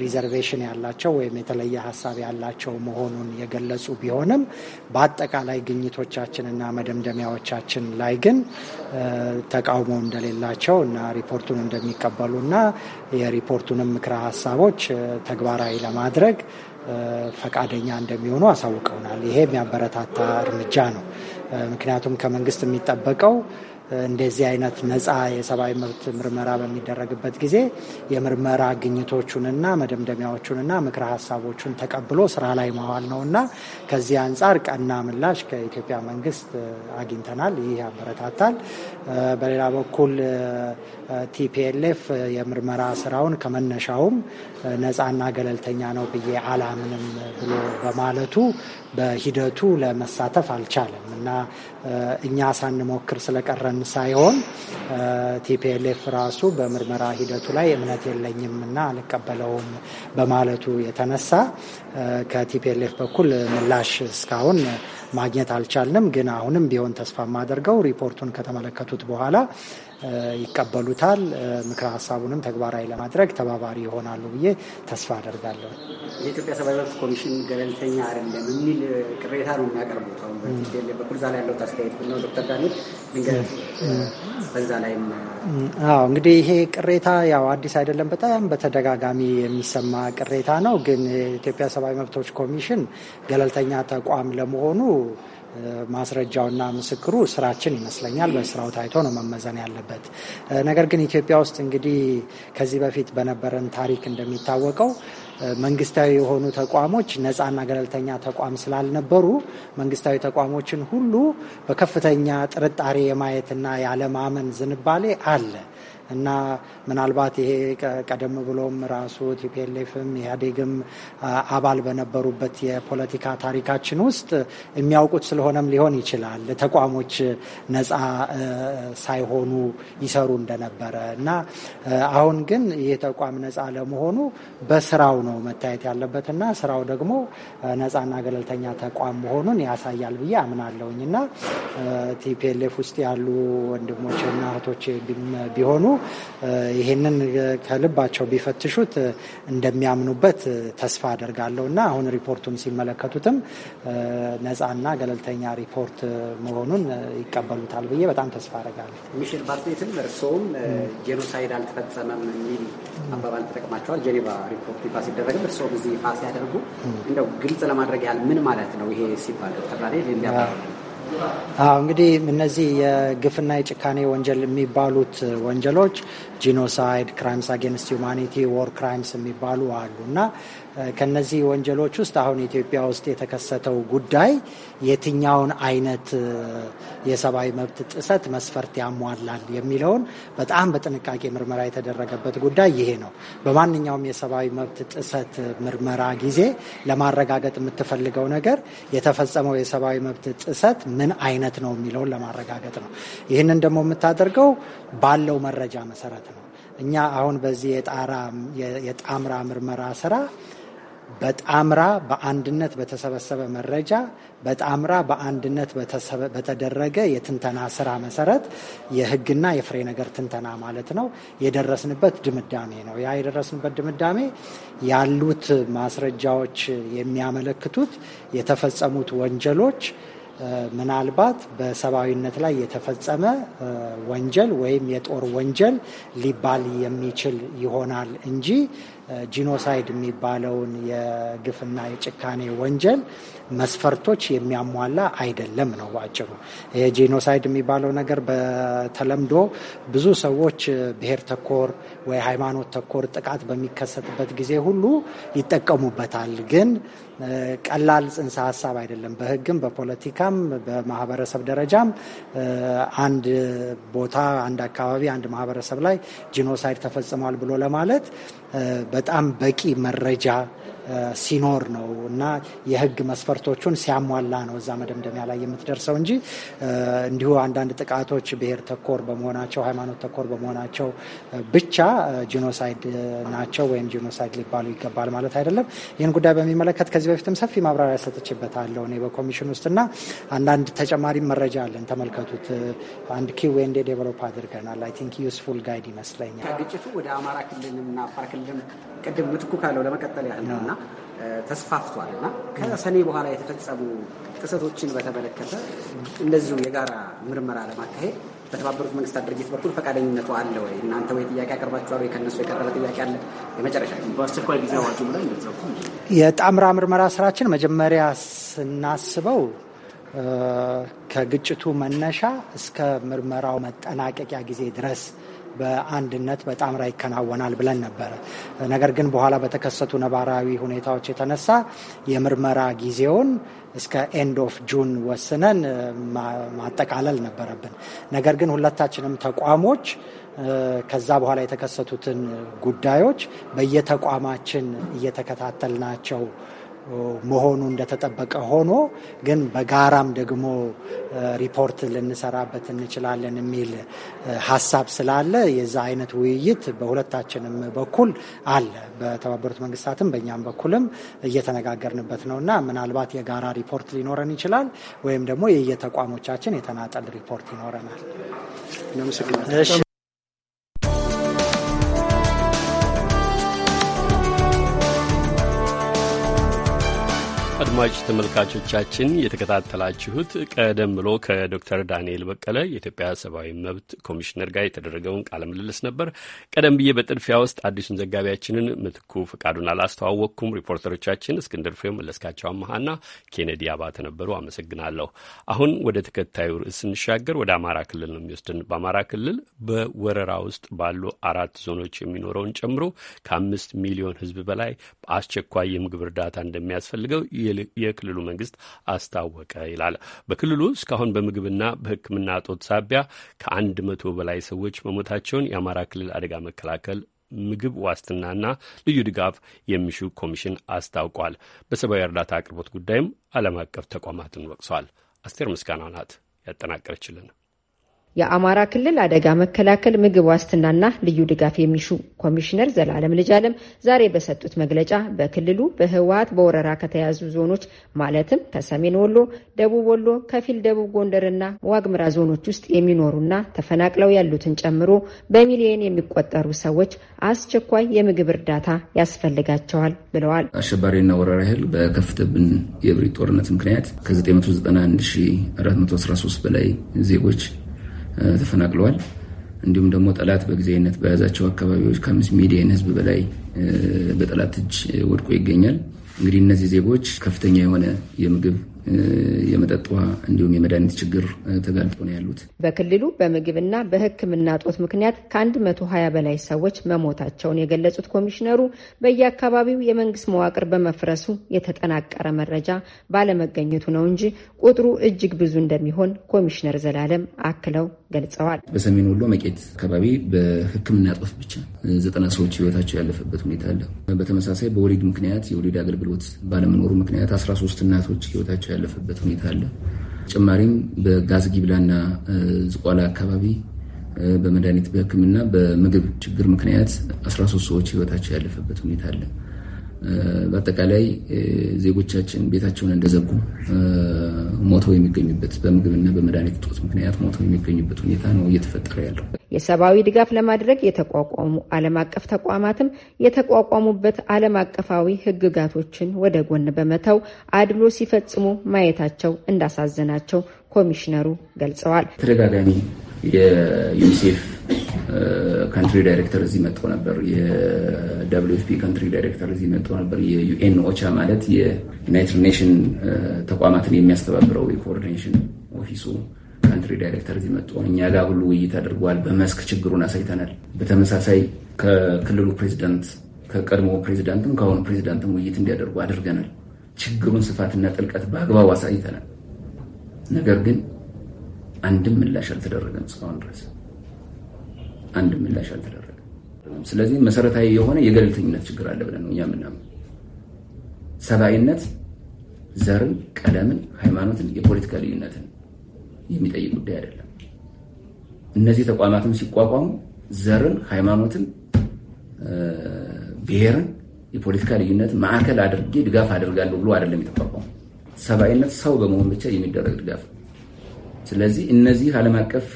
ሪዘርቬሽን ያላቸው ወይም የተለየ ሀሳብ ያላቸው መሆኑን የገለጹ ቢሆንም በአጠቃላይ ግኝቶቻችንና መደምደሚያዎቻችን ላይ ግን ተቃውሞ እንደሌላቸው እና ሪፖርቱን እንደሚቀበሉና የሪፖርቱንም ምክረ ሀሳቦች ተግባራዊ ለማድረግ ፈቃደኛ እንደሚሆኑ አሳውቀውናል። ይሄ የሚያበረታታ እርምጃ ነው። ምክንያቱም ከመንግስት የሚጠበቀው እንደዚህ አይነት ነፃ የሰብአዊ መብት ምርመራ በሚደረግበት ጊዜ የምርመራ ግኝቶቹንና መደምደሚያዎቹንና ምክረ ሀሳቦቹን ተቀብሎ ስራ ላይ መዋል እና ከዚህ አንጻር ቀና ምላሽ ከኢትዮጵያ መንግስት አግኝተናል። ይህ ያበረታታል። በሌላ በኩል ቲፒኤልኤፍ የምርመራ ስራውን ከመነሻውም ነፃና ገለልተኛ ነው ብዬ አላምንም ብሎ በማለቱ በሂደቱ ለመሳተፍ አልቻለም እና እኛ ሳንሞክር ስለቀረን ሳይሆን ቲፒኤልኤፍ ራሱ በምርመራ ሂደቱ ላይ እምነት የለኝም እና አልቀበለውም በማለቱ የተነሳ ከቲፒኤልኤፍ በኩል ምላሽ እስካሁን ማግኘት አልቻልንም። ግን አሁንም ቢሆን ተስፋ የማደርገው ሪፖርቱን ከተመለከቱት በኋላ ይቀበሉታል። ምክረ ሀሳቡንም ተግባራዊ ለማድረግ ተባባሪ ይሆናሉ ብዬ ተስፋ አደርጋለሁ። የኢትዮጵያ ሰብአዊ መብት ኮሚሽን ገለልተኛ አይደለም የሚል ቅሬታ ነው የሚያቀርቡት። አሁን በኩል ዛ ላይ ያለው አስተያየት ነው ዶክተር ዳንኤል በዛ ላይም አዎ እንግዲህ ይሄ ቅሬታ ያው አዲስ አይደለም፣ በጣም በተደጋጋሚ የሚሰማ ቅሬታ ነው። ግን የኢትዮጵያ ሰብአዊ መብቶች ኮሚሽን ገለልተኛ ተቋም ለመሆኑ ማስረጃውና ምስክሩ ስራችን ይመስለኛል። በስራው ታይቶ ነው መመዘን ያለበት። ነገር ግን ኢትዮጵያ ውስጥ እንግዲህ ከዚህ በፊት በነበረን ታሪክ እንደሚታወቀው መንግስታዊ የሆኑ ተቋሞች ነፃና ገለልተኛ ተቋም ስላልነበሩ መንግስታዊ ተቋሞችን ሁሉ በከፍተኛ ጥርጣሬ የማየትና ያለማመን ዝንባሌ አለ። እና ምናልባት ይሄ ቀደም ብሎም ራሱ ቲፒኤልኤፍም ኢህአዴግም አባል በነበሩበት የፖለቲካ ታሪካችን ውስጥ የሚያውቁት ስለሆነም ሊሆን ይችላል ተቋሞች ነፃ ሳይሆኑ ይሰሩ እንደነበረ እና አሁን ግን ይህ ተቋም ነፃ ለመሆኑ በስራው ነው መታየት ያለበት እና ስራው ደግሞ ነፃና ገለልተኛ ተቋም መሆኑን ያሳያል ብዬ አምናለሁኝ እና ቲፒኤልኤፍ ውስጥ ያሉ ወንድሞችና እህቶች ቢሆኑ ይህንን ከልባቸው ቢፈትሹት እንደሚያምኑበት ተስፋ አደርጋለሁ እና አሁን ሪፖርቱን ሲመለከቱትም ነጻና ገለልተኛ ሪፖርት መሆኑን ይቀበሉታል ብዬ በጣም ተስፋ አደርጋለሁ። ሚሼል ባስሌትም እርስዎም ጄኖሳይድ አልተፈጸመም የሚል አባባል ተጠቅማቸዋል። ጄኔቫ ሪፖርት ይፋ ሲደረግም እርስዎም እዚህ ይፋ ሲያደርጉ እንደው ግልጽ ለማድረግ ያህል ምን ማለት ነው ይሄ ሲባል ዶክተር ዳንኤል እንግዲህ እነዚህ የግፍና የጭካኔ ወንጀል የሚባሉት ወንጀሎች ጂኖሳይድ፣ ክራይምስ አጌንስት ዩማኒቲ፣ ዎር ክራይምስ የሚባሉ አሉ እና ከነዚህ ወንጀሎች ውስጥ አሁን ኢትዮጵያ ውስጥ የተከሰተው ጉዳይ የትኛውን አይነት የሰብአዊ መብት ጥሰት መስፈርት ያሟላል የሚለውን በጣም በጥንቃቄ ምርመራ የተደረገበት ጉዳይ ይሄ ነው። በማንኛውም የሰብአዊ መብት ጥሰት ምርመራ ጊዜ ለማረጋገጥ የምትፈልገው ነገር የተፈጸመው የሰብአዊ መብት ጥሰት ምን አይነት ነው የሚለውን ለማረጋገጥ ነው። ይህንን ደግሞ የምታደርገው ባለው መረጃ መሰረት እኛ አሁን በዚህ የጣምራ ምርመራ ስራ በጣምራ በአንድነት በተሰበሰበ መረጃ በጣምራ በአንድነት በተደረገ የትንተና ስራ መሰረት የሕግና የፍሬ ነገር ትንተና ማለት ነው የደረስንበት ድምዳሜ ነው። ያ የደረስንበት ድምዳሜ ያሉት ማስረጃዎች የሚያመለክቱት የተፈጸሙት ወንጀሎች ምናልባት በሰብአዊነት ላይ የተፈጸመ ወንጀል ወይም የጦር ወንጀል ሊባል የሚችል ይሆናል እንጂ ጂኖሳይድ የሚባለውን የግፍና የጭካኔ ወንጀል መስፈርቶች የሚያሟላ አይደለም ነው ባጭሩ። ይሄ ጂኖሳይድ የሚባለው ነገር በተለምዶ ብዙ ሰዎች ብሔር ተኮር ወይ ሃይማኖት ተኮር ጥቃት በሚከሰትበት ጊዜ ሁሉ ይጠቀሙበታል ግን ቀላል ጽንሰ ሀሳብ አይደለም። በህግም በፖለቲካም በማህበረሰብ ደረጃም አንድ ቦታ፣ አንድ አካባቢ፣ አንድ ማህበረሰብ ላይ ጂኖሳይድ ተፈጽሟል ብሎ ለማለት በጣም በቂ መረጃ ሲኖር ነው እና የህግ መስፈርቶቹን ሲያሟላ ነው እዛ መደምደሚያ ላይ የምትደርሰው እንጂ እንዲሁ አንዳንድ ጥቃቶች ብሔር ተኮር በመሆናቸው ሃይማኖት ተኮር በመሆናቸው ብቻ ጂኖሳይድ ናቸው ወይም ጂኖሳይድ ሊባሉ ይገባል ማለት አይደለም። ይህን ጉዳይ በሚመለከት ከዚህ በፊትም ሰፊ ማብራሪያ ሰጥቼበታለሁ እኔ በኮሚሽን ውስጥና አንዳንድ ተጨማሪ መረጃ አለን። ተመልከቱት። አንድ ኪ ኤንድ ዴቨሎፕ አድርገናል። አይ ቲንክ ዩስፉል ጋይድ ይመስለኛል። ግጭቱ ወደ አማራ ክልልና አፋር ክልልም ቅድም ምትኩ ካለው ለመቀጠል ያህል ነውና ተስፋፍቷል እና ከሰኔ በኋላ የተፈጸሙ ጥሰቶችን በተመለከተ እንደዚሁ የጋራ ምርመራ ለማካሄድ በተባበሩት መንግስታት ድርጅት በኩል ፈቃደኝነቱ አለ ወይ? እናንተ ወይ ጥያቄ አቅርባችኋል ወይ? ከነሱ የቀረበ ጥያቄ አለ? የመጨረሻ በአስቸኳይ ጊዜ አዋጁ ላይ የጣምራ ምርመራ ስራችን መጀመሪያ ስናስበው ከግጭቱ መነሻ እስከ ምርመራው መጠናቀቂያ ጊዜ ድረስ በአንድነት በጣምራ ይከናወናል ብለን ነበረ። ነገር ግን በኋላ በተከሰቱ ነባራዊ ሁኔታዎች የተነሳ የምርመራ ጊዜውን እስከ ኤንድ ኦፍ ጁን ወስነን ማጠቃለል ነበረብን። ነገር ግን ሁለታችንም ተቋሞች ከዛ በኋላ የተከሰቱትን ጉዳዮች በየተቋማችን እየተከታተልናቸው መሆኑ እንደተጠበቀ ሆኖ ግን በጋራም ደግሞ ሪፖርት ልንሰራበት እንችላለን የሚል ሀሳብ ስላለ የዛ አይነት ውይይት በሁለታችንም በኩል አለ። በተባበሩት መንግስታትም በእኛም በኩልም እየተነጋገርንበት ነው እና ምናልባት የጋራ ሪፖርት ሊኖረን ይችላል ወይም ደግሞ የየተቋሞቻችን የተናጠል ሪፖርት ይኖረናል። አድማጭ ተመልካቾቻችን የተከታተላችሁት ቀደም ብሎ ከዶክተር ዳንኤል በቀለ የኢትዮጵያ ሰብአዊ መብት ኮሚሽነር ጋር የተደረገውን ቃለ ምልልስ ነበር። ቀደም ብዬ በጥድፊያ ውስጥ አዲሱን ዘጋቢያችንን ምትኩ ፈቃዱን አላስተዋወቅኩም። ሪፖርተሮቻችን እስክንድር ፍሬው፣ መለስካቸው አመሃና ኬኔዲ አባተ ነበሩ። አመሰግናለሁ። አሁን ወደ ተከታዩ ርዕስ ስንሻገር ወደ አማራ ክልል ነው የሚወስድን። በአማራ ክልል በወረራ ውስጥ ባሉ አራት ዞኖች የሚኖረውን ጨምሮ ከአምስት ሚሊዮን ህዝብ በላይ በአስቸኳይ የምግብ እርዳታ እንደሚያስፈልገው የክልሉ መንግስት አስታወቀ ይላል። በክልሉ እስካሁን በምግብና በሕክምና እጦት ሳቢያ ከአንድ መቶ በላይ ሰዎች መሞታቸውን የአማራ ክልል አደጋ መከላከል ምግብ ዋስትናና ልዩ ድጋፍ የሚሹ ኮሚሽን አስታውቋል። በሰብአዊ እርዳታ አቅርቦት ጉዳይም ዓለም አቀፍ ተቋማትን ወቅሰዋል አስቴር ምስጋናው ናት ያጠናቀረችልን። የአማራ ክልል አደጋ መከላከል ምግብ ዋስትናና ልዩ ድጋፍ የሚሹ ኮሚሽነር ዘላለም ልጃለም ዛሬ በሰጡት መግለጫ በክልሉ በህወሀት በወረራ ከተያዙ ዞኖች ማለትም ከሰሜን ወሎ፣ ደቡብ ወሎ፣ ከፊል ደቡብ ጎንደርና ዋግምራ ዞኖች ውስጥ የሚኖሩና ተፈናቅለው ያሉትን ጨምሮ በሚሊዮን የሚቆጠሩ ሰዎች አስቸኳይ የምግብ እርዳታ ያስፈልጋቸዋል ብለዋል። አሸባሪና ወረራ ያህል በከፍተብን የብሪት ጦርነት ምክንያት ከ991,413 በላይ ዜጎች ተፈናቅለዋል። እንዲሁም ደግሞ ጠላት በጊዜያዊነት በያዛቸው አካባቢዎች ከአምስት ሚሊየን ህዝብ በላይ በጠላት እጅ ወድቆ ይገኛል። እንግዲህ እነዚህ ዜጎች ከፍተኛ የሆነ የምግብ የመጠጥ ውሃ እንዲሁም የመድኃኒት ችግር ተጋልጦ ነው ያሉት። በክልሉ በምግብና በሕክምና ጦት ምክንያት ከ120 በላይ ሰዎች መሞታቸውን የገለጹት ኮሚሽነሩ በየአካባቢው የመንግስት መዋቅር በመፍረሱ የተጠናቀረ መረጃ ባለመገኘቱ ነው እንጂ ቁጥሩ እጅግ ብዙ እንደሚሆን ኮሚሽነር ዘላለም አክለው ገልጸዋል። በሰሜን ወሎ መቄት አካባቢ በሕክምና ጥፍ ብቻ ዘጠና ሰዎች ህይወታቸው ያለፈበት ሁኔታ አለ። በተመሳሳይ በወሊድ ምክንያት የወሊድ አገልግሎት ባለመኖሩ ምክንያት 13 እናቶች ህይወታቸው ያለፈበት ሁኔታ አለ። ተጨማሪም በጋዝ ጊብላና ዝቋላ አካባቢ በመድኃኒት በሕክምና በምግብ ችግር ምክንያት 13 ሰዎች ህይወታቸው ያለፈበት ሁኔታ አለ። በአጠቃላይ ዜጎቻችን ቤታቸውን እንደዘጉ ሞተው የሚገኙበት በምግብና በመድኃኒት እጦት ምክንያት ሞተው የሚገኙበት ሁኔታ ነው እየተፈጠረ ያለው። የሰብአዊ ድጋፍ ለማድረግ የተቋቋሙ ዓለም አቀፍ ተቋማትም የተቋቋሙበት ዓለም አቀፋዊ ሕግጋቶችን ወደ ጎን በመተው አድሎ ሲፈጽሙ ማየታቸው እንዳሳዘናቸው ኮሚሽነሩ ገልጸዋል። ተደጋጋሚ የዩኒሴፍ ካንትሪ ዳይሬክተር እዚህ መጥቶ ነበር። የደብሊው ካንትሪ ዳይሬክተር እዚህ መጥቶ ነበር። የዩኤን ኦቻ ማለት የዩናይትድ ኔሽን ተቋማትን የሚያስተባብረው የኮኦርዲኔሽን ኦፊሱ ካንትሪ ዳይሬክተር እዚህ መጥቶ እኛ ጋር ሁሉ ውይይት አድርጓል። በመስክ ችግሩን አሳይተናል። በተመሳሳይ ከክልሉ ፕሬዚዳንት ከቀድሞ ፕሬዚዳንትም ከአሁኑ ፕሬዚዳንትም ውይይት እንዲያደርጉ አድርገናል። ችግሩን ስፋትና ጥልቀት በአግባቡ አሳይተናል። ነገር ግን አንድም ምላሽ አልተደረገም እስካሁን ድረስ አንድ ምላሽ አልተደረገም። ስለዚህ መሰረታዊ የሆነ የገለልተኝነት ችግር አለ ብለን ነው እኛ የምናምን። ሰብአዊነት ዘርን፣ ቀለምን፣ ሃይማኖትን፣ የፖለቲካ ልዩነትን የሚጠይቅ ጉዳይ አይደለም። እነዚህ ተቋማትም ሲቋቋሙ ዘርን፣ ሃይማኖትን፣ ብሔርን፣ የፖለቲካ ልዩነትን ማዕከል አድርጌ ድጋፍ አደርጋለሁ ብሎ አይደለም የተቋቋሙ። ሰብአዊነት ሰው በመሆን ብቻ የሚደረግ ድጋፍ ነው። ስለዚህ እነዚህ ዓለም አቀፍ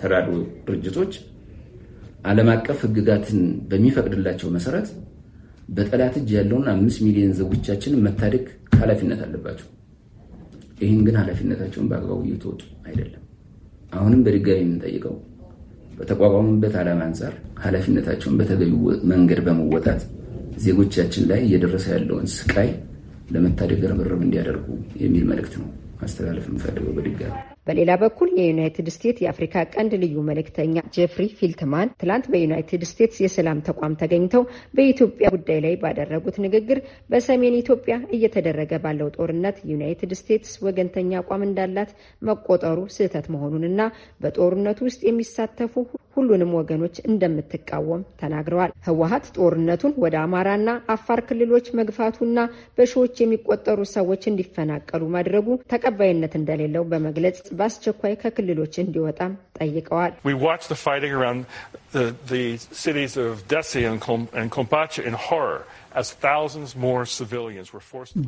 ተራድኦ ድርጅቶች ዓለም አቀፍ ሕግጋትን በሚፈቅድላቸው መሰረት በጠላት እጅ ያለውን አምስት ሚሊዮን ዜጎቻችን መታደግ ኃላፊነት አለባቸው። ይህን ግን ኃላፊነታቸውን በአግባቡ እየተወጡ አይደለም። አሁንም በድጋሚ የምንጠይቀው በተቋቋሙበት ዓላማ አንጻር ኃላፊነታቸውን በተገቢ መንገድ በመወጣት ዜጎቻችን ላይ እየደረሰ ያለውን ስቃይ ለመታደግ ርብርብ እንዲያደርጉ የሚል መልእክት ነው ማስተላለፍ የምፈልገው በድጋሚ በሌላ በኩል የዩናይትድ ስቴትስ የአፍሪካ ቀንድ ልዩ መልእክተኛ ጄፍሪ ፊልትማን ትላንት በዩናይትድ ስቴትስ የሰላም ተቋም ተገኝተው በኢትዮጵያ ጉዳይ ላይ ባደረጉት ንግግር በሰሜን ኢትዮጵያ እየተደረገ ባለው ጦርነት ዩናይትድ ስቴትስ ወገንተኛ አቋም እንዳላት መቆጠሩ ስህተት መሆኑንና በጦርነቱ ውስጥ የሚሳተፉ ሁሉንም ወገኖች እንደምትቃወም ተናግረዋል። ህወሀት ጦርነቱን ወደ አማራና አፋር ክልሎች መግፋቱና በሺዎች የሚቆጠሩ ሰዎች እንዲፈናቀሉ ማድረጉ ተቀባይነት እንደሌለው በመግለጽ በአስቸኳይ ከክልሎች እንዲወጣም ጠይቀዋል።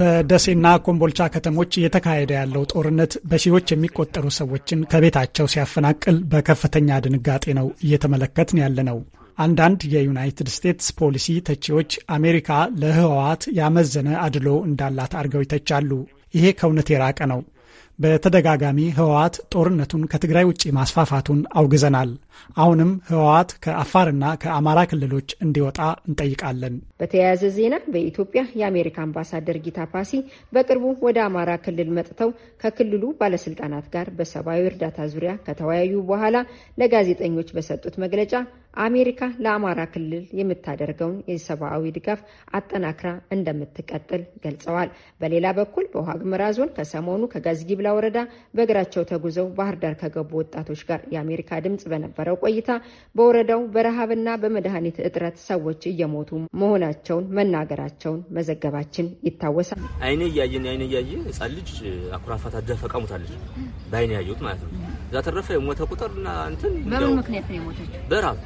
በደሴና ኮምቦልቻ ከተሞች እየተካሄደ ያለው ጦርነት በሺዎች የሚቆጠሩ ሰዎችን ከቤታቸው ሲያፈናቅል በከፍተኛ ድንጋጤ ነው እየተመለከትን ያለነው። አንዳንድ የዩናይትድ ስቴትስ ፖሊሲ ተቺዎች አሜሪካ ለህወሓት ያመዘነ አድሎ እንዳላት አድርገው ይተቻሉ። ይሄ ከእውነት የራቀ ነው። በተደጋጋሚ ህወሓት ጦርነቱን ከትግራይ ውጭ ማስፋፋቱን አውግዘናል። አሁንም ህወሓት ከአፋርና ከአማራ ክልሎች እንዲወጣ እንጠይቃለን። በተያያዘ ዜና በኢትዮጵያ የአሜሪካ አምባሳደር ጊታ ፓሲ በቅርቡ ወደ አማራ ክልል መጥተው ከክልሉ ባለስልጣናት ጋር በሰብአዊ እርዳታ ዙሪያ ከተወያዩ በኋላ ለጋዜጠኞች በሰጡት መግለጫ አሜሪካ ለአማራ ክልል የምታደርገውን የሰብአዊ ድጋፍ አጠናክራ እንደምትቀጥል ገልጸዋል። በሌላ በኩል በውሃ ግምራ ዞን ከሰሞኑ ከጋዝጊብላ ወረዳ በእግራቸው ተጉዘው ባህር ዳር ከገቡ ወጣቶች ጋር የአሜሪካ ድምፅ በነበረው ቆይታ በወረዳው በረሃብና በመድኃኒት እጥረት ሰዎች እየሞቱ መሆናቸውን መናገራቸውን መዘገባችን ይታወሳል። አይነ እያየን አይነ እያየ ህጻን ልጅ አኩራፋት አደፈቃ ሞታለች። በአይነ ያየሁት ማለት ነው። እዛ ተረፈ የሞተ ቁጥር እና እንትን በምን ምክንያት ነው የሞተችው? በረሃብ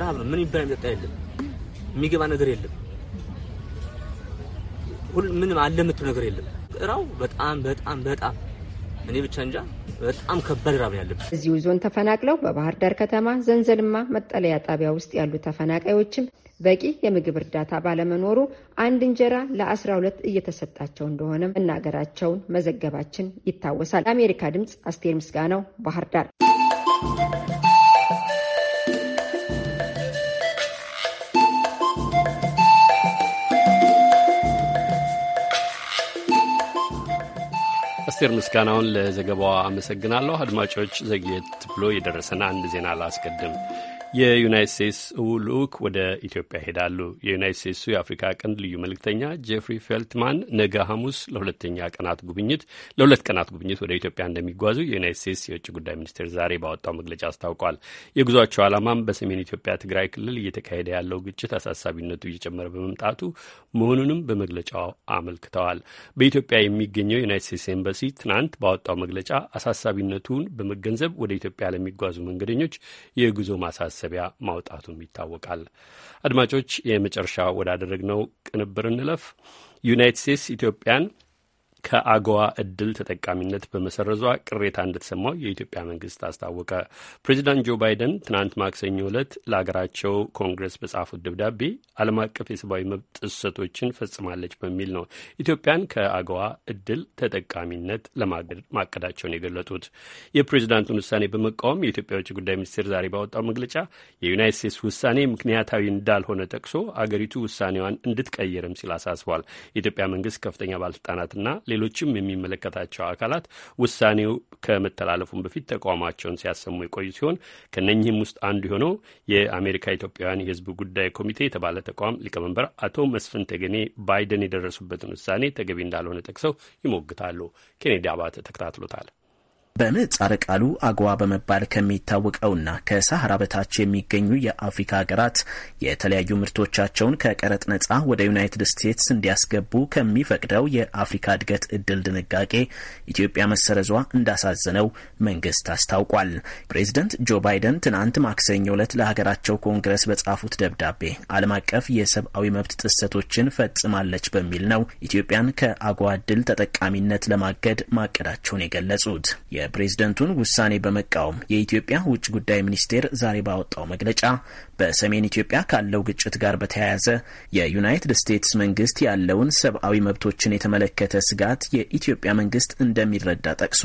ረሀብ ምን ይባል የሚጠጣ የለም፣ የሚገባ ነገር የለም፣ ምንም አለ የምትሉ ነገር የለም። ራው በጣም በጣም በጣም እኔ ብቻ እንጃ በጣም ከባድ ራብ ያለብ። እዚሁ ዞን ተፈናቅለው በባህር ዳር ከተማ ዘንዘልማ መጠለያ ጣቢያ ውስጥ ያሉ ተፈናቃዮችም በቂ የምግብ እርዳታ ባለመኖሩ አንድ እንጀራ ለ12 እየተሰጣቸው እንደሆነ መናገራቸውን መዘገባችን ይታወሳል። ለአሜሪካ ድምፅ አስቴር ምስጋናው ባህር ዳር አስቴር ምስጋናውን ለዘገባዋ አመሰግናለሁ። አድማጮች፣ ዘግየት ብሎ የደረሰን አንድ ዜና ላስቀድም። የዩናይት ስቴትስ ልዑክ ወደ ኢትዮጵያ ይሄዳሉ። የዩናይት ስቴትሱ የአፍሪካ ቀንድ ልዩ መልእክተኛ ጄፍሪ ፌልትማን ነገ ሐሙስ ለሁለተኛ ቀናት ጉብኝት ለሁለት ቀናት ጉብኝት ወደ ኢትዮጵያ እንደሚጓዙ የዩናይት ስቴትስ የውጭ ጉዳይ ሚኒስቴር ዛሬ ባወጣው መግለጫ አስታውቋል። የጉዟቸው ዓላማም በሰሜን ኢትዮጵያ ትግራይ ክልል እየተካሄደ ያለው ግጭት አሳሳቢነቱ እየጨመረ በመምጣቱ መሆኑንም በመግለጫው አመልክተዋል። በኢትዮጵያ የሚገኘው ዩናይት ስቴትስ ኤምባሲ ትናንት ባወጣው መግለጫ አሳሳቢነቱን በመገንዘብ ወደ ኢትዮጵያ ለሚጓዙ መንገደኞች የጉዞ ማሳሰ ማሳሰቢያ ማውጣቱም ይታወቃል። አድማጮች፣ የመጨረሻ ወዳደረግነው ቅንብር እንለፍ። ዩናይትድ ስቴትስ ኢትዮጵያን ከአጎዋ እድል ተጠቃሚነት በመሰረዟ ቅሬታ እንደተሰማው የኢትዮጵያ መንግስት አስታወቀ። ፕሬዚዳንት ጆ ባይደን ትናንት ማክሰኞ ዕለት ለሀገራቸው ኮንግረስ በጻፉት ደብዳቤ ዓለም አቀፍ የሰብአዊ መብት ጥሰቶችን ፈጽማለች በሚል ነው ኢትዮጵያን ከአጎዋ እድል ተጠቃሚነት ለማገድ ማቀዳቸውን የገለጡት። የፕሬዚዳንቱን ውሳኔ በመቃወም የኢትዮጵያ ውጭ ጉዳይ ሚኒስቴር ዛሬ ባወጣው መግለጫ የዩናይት ስቴትስ ውሳኔ ምክንያታዊ እንዳልሆነ ጠቅሶ አገሪቱ ውሳኔዋን እንድትቀይርም ሲል አሳስቧል። የኢትዮጵያ መንግስት ከፍተኛ ባለስልጣናትና ሌሎችም የሚመለከታቸው አካላት ውሳኔው ከመተላለፉን በፊት ተቋማቸውን ሲያሰሙ የቆዩ ሲሆን ከነኚህም ውስጥ አንዱ የሆነው የአሜሪካ ኢትዮጵያውያን የሕዝብ ጉዳይ ኮሚቴ የተባለ ተቋም ሊቀመንበር አቶ መስፍን ተገኔ ባይደን የደረሱበትን ውሳኔ ተገቢ እንዳልሆነ ጠቅሰው ይሞግታሉ። ኬኔዲ አባተ ተከታትሎታል። በምህጻረ ቃሉ አግዋ በመባል ከሚታወቀውና ከሳህራ በታች የሚገኙ የአፍሪካ ሀገራት የተለያዩ ምርቶቻቸውን ከቀረጥ ነጻ ወደ ዩናይትድ ስቴትስ እንዲያስገቡ ከሚፈቅደው የአፍሪካ እድገት እድል ድንጋጌ ኢትዮጵያ መሰረዟ እንዳሳዘነው መንግስት አስታውቋል። ፕሬዚደንት ጆ ባይደን ትናንት ማክሰኞ ዕለት ለሀገራቸው ኮንግረስ በጻፉት ደብዳቤ ዓለም አቀፍ የሰብአዊ መብት ጥሰቶችን ፈጽማለች በሚል ነው ኢትዮጵያን ከአግዋ እድል ተጠቃሚነት ለማገድ ማቀዳቸውን የገለጹት። የፕሬዝደንቱን ውሳኔ በመቃወም የኢትዮጵያ ውጭ ጉዳይ ሚኒስቴር ዛሬ ባወጣው መግለጫ በሰሜን ኢትዮጵያ ካለው ግጭት ጋር በተያያዘ የዩናይትድ ስቴትስ መንግስት ያለውን ሰብአዊ መብቶችን የተመለከተ ስጋት የኢትዮጵያ መንግስት እንደሚረዳ ጠቅሶ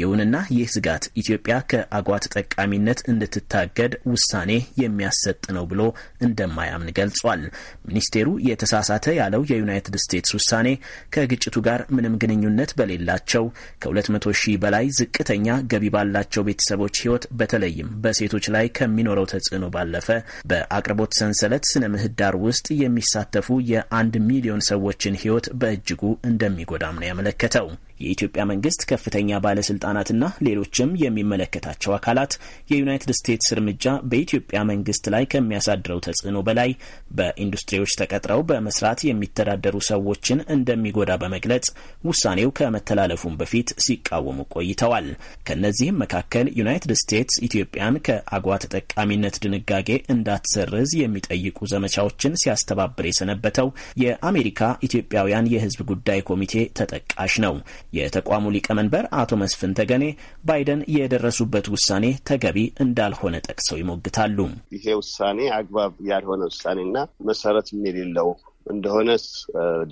ይሁንና ይህ ስጋት ኢትዮጵያ ከአጓ ተጠቃሚነት እንድትታገድ ውሳኔ የሚያሰጥ ነው ብሎ እንደማያምን ገልጿል። ሚኒስቴሩ የተሳሳተ ያለው የዩናይትድ ስቴትስ ውሳኔ ከግጭቱ ጋር ምንም ግንኙነት በሌላቸው ከ200 ሺህ በላይ ዝቅተኛ ገቢ ባላቸው ቤተሰቦች ህይወት በተለይም በሴቶች ላይ ከሚኖረው ተጽዕኖ ባለፈ በአቅርቦት ሰንሰለት ስነ ምህዳር ውስጥ የሚሳተፉ የአንድ ሚሊዮን ሰዎችን ህይወት በእጅጉ እንደሚጎዳም ነው ያመለከተው። የኢትዮጵያ መንግስት ከፍተኛ ባለስልጣናትና ሌሎችም የሚመለከታቸው አካላት የዩናይትድ ስቴትስ እርምጃ በኢትዮጵያ መንግስት ላይ ከሚያሳድረው ተጽዕኖ በላይ በኢንዱስትሪዎች ተቀጥረው በመስራት የሚተዳደሩ ሰዎችን እንደሚጎዳ በመግለጽ ውሳኔው ከመተላለፉም በፊት ሲቃወሙ ቆይተዋል። ከእነዚህም መካከል ዩናይትድ ስቴትስ ኢትዮጵያን ከአጓ ተጠቃሚነት ድንጋጌ እንዳትሰርዝ የሚጠይቁ ዘመቻዎችን ሲያስተባብር የሰነበተው የአሜሪካ ኢትዮጵያውያን የህዝብ ጉዳይ ኮሚቴ ተጠቃሽ ነው። የተቋሙ ሊቀመንበር አቶ መስፍን ተገኔ ባይደን የደረሱበት ውሳኔ ተገቢ እንዳልሆነ ጠቅሰው ይሞግታሉ። ይሄ ውሳኔ አግባብ ያልሆነ ውሳኔና መሰረት የሌለው እንደሆነ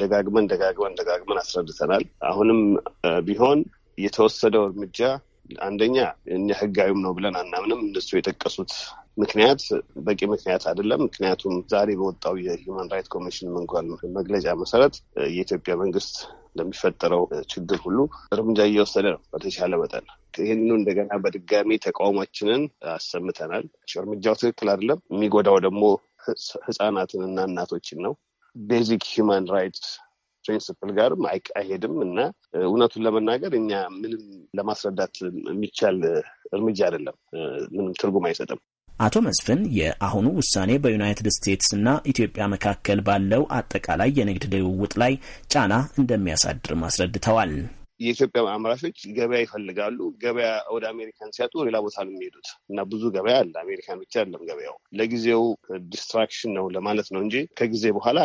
ደጋግመን ደጋግመን ደጋግመን አስረድተናል። አሁንም ቢሆን የተወሰደው እርምጃ አንደኛ እኛ ህጋዊም ነው ብለን አናምንም። እነሱ የጠቀሱት ምክንያት በቂ ምክንያት አይደለም። ምክንያቱም ዛሬ በወጣው የሂውማን ራይት ኮሚሽን መንጓል መግለጫ መሰረት የኢትዮጵያ መንግስት ለሚፈጠረው ችግር ሁሉ እርምጃ እየወሰደ ነው በተቻለ መጠን። ይህንኑ እንደገና በድጋሚ ተቃውሟችንን አሰምተናል። እርምጃው ትክክል አይደለም። የሚጎዳው ደግሞ እና እናቶችን ነው። ቤዚክ ሂውማን ራይት ፕሪንስፕል ጋርም አይሄድም እና እውነቱን ለመናገር እኛ ምንም ለማስረዳት የሚቻል እርምጃ አይደለም። ምንም ትርጉም አይሰጥም። አቶ መስፍን የአሁኑ ውሳኔ በዩናይትድ ስቴትስና ኢትዮጵያ መካከል ባለው አጠቃላይ የንግድ ልውውጥ ላይ ጫና እንደሚያሳድር አስረድተዋል። የኢትዮጵያ አምራቾች ገበያ ይፈልጋሉ። ገበያ ወደ አሜሪካን ሲያጡ ሌላ ቦታ ነው የሚሄዱት እና ብዙ ገበያ አለ። አሜሪካን ብቻ አይደለም ገበያው። ለጊዜው ዲስትራክሽን ነው ለማለት ነው እንጂ ከጊዜ በኋላ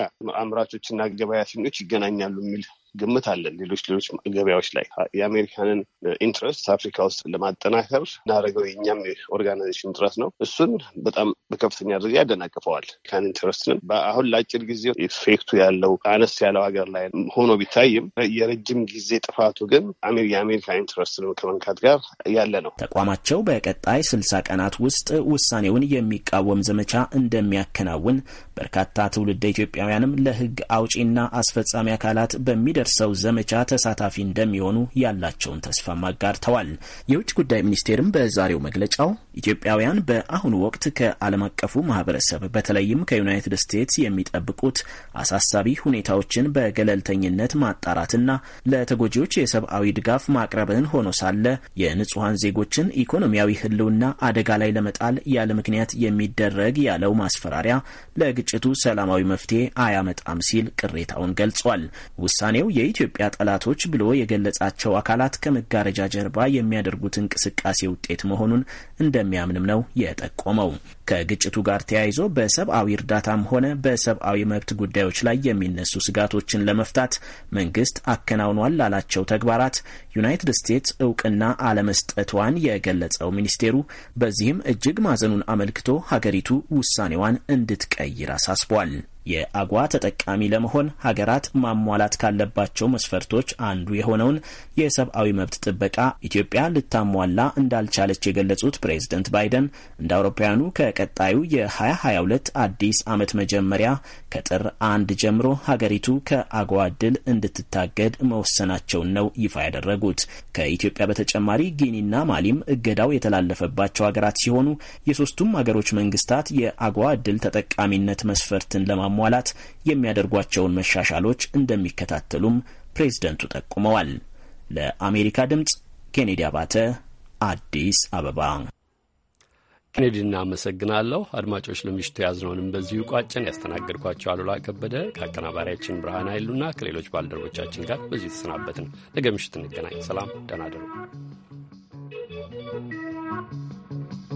አምራቾችና ገበያተኞች ይገናኛሉ የሚል ግምት አለን። ሌሎች ሌሎች ገበያዎች ላይ የአሜሪካንን ኢንትረስት አፍሪካ ውስጥ ለማጠናከር እናደረገው የኛም ኦርጋናይዜሽን ጥረት ነው። እሱን በጣም በከፍተኛ ደረጃ ያደናቅፈዋል። ካን ኢንትረስትንም በአሁን ለአጭር ጊዜ ኢፌክቱ ያለው አነስ ያለው ሀገር ላይ ሆኖ ቢታይም የረጅም ጊዜ ጥፋቱ ግን የአሜሪካ ኢንትረስት ከመንካት ጋር ያለ ነው። ተቋማቸው በቀጣይ ስልሳ ቀናት ውስጥ ውሳኔውን የሚቃወም ዘመቻ እንደሚያከናውን በርካታ ትውልደ ኢትዮጵያውያንም ለህግ አውጪና አስፈጻሚ አካላት በሚደ በሚደርሰው ዘመቻ ተሳታፊ እንደሚሆኑ ያላቸውን ተስፋም አጋርተዋል። የውጭ ጉዳይ ሚኒስቴርም በዛሬው መግለጫው ኢትዮጵያውያን በአሁኑ ወቅት ከዓለም አቀፉ ማህበረሰብ በተለይም ከዩናይትድ ስቴትስ የሚጠብቁት አሳሳቢ ሁኔታዎችን በገለልተኝነት ማጣራትና ለተጎጂዎች የሰብአዊ ድጋፍ ማቅረብን ሆኖ ሳለ የንጹሐን ዜጎችን ኢኮኖሚያዊ ህልውና አደጋ ላይ ለመጣል ያለ ምክንያት የሚደረግ ያለው ማስፈራሪያ ለግጭቱ ሰላማዊ መፍትሄ አያመጣም ሲል ቅሬታውን ገልጿል። ውሳኔው የኢትዮጵያ ጠላቶች ብሎ የገለጻቸው አካላት ከመጋረጃ ጀርባ የሚያደርጉት እንቅስቃሴ ውጤት መሆኑን እንደ እንደሚያምንም ነው የጠቆመው። ከግጭቱ ጋር ተያይዞ በሰብአዊ እርዳታም ሆነ በሰብአዊ መብት ጉዳዮች ላይ የሚነሱ ስጋቶችን ለመፍታት መንግስት አከናውኗል ላላቸው ተግባራት ዩናይትድ ስቴትስ እውቅና አለመስጠቷን የገለጸው ሚኒስቴሩ በዚህም እጅግ ማዘኑን አመልክቶ ሀገሪቱ ውሳኔዋን እንድትቀይር አሳስቧል። የአጓ ተጠቃሚ ለመሆን ሀገራት ማሟላት ካለባቸው መስፈርቶች አንዱ የሆነውን የሰብአዊ መብት ጥበቃ ኢትዮጵያ ልታሟላ እንዳልቻለች የገለጹት ፕሬዝደንት ባይደን እንደ አውሮፓውያኑ ከቀጣዩ የ2022 አዲስ ዓመት መጀመሪያ ከጥር አንድ ጀምሮ ሀገሪቱ ከአጓ እድል እንድትታገድ መወሰናቸውን ነው ይፋ ያደረጉት። ከኢትዮጵያ በተጨማሪ ጊኒና ማሊም እገዳው የተላለፈባቸው ሀገራት ሲሆኑ የሶስቱም ሀገሮች መንግስታት የአጓ እድል ተጠቃሚነት መስፈርትን ለማ ለማሟላት የሚያደርጓቸውን መሻሻሎች እንደሚከታተሉም ፕሬዝደንቱ ጠቁመዋል። ለአሜሪካ ድምጽ ኬኔዲ አባተ አዲስ አበባ። ኬኔዲ እናመሰግናለሁ። አድማጮች ለምሽቱ ያዝነውንም በዚሁ ቋጨን። ያስተናገድኳቸው አሉላ ከበደ ከአቀናባሪያችን ብርሃን ኃይሉና ከሌሎች ባልደረቦቻችን ጋር በዚሁ ተሰናበትን። ነገ ምሽት እንገናኝ። ሰላም፣ ደህና እደሩ።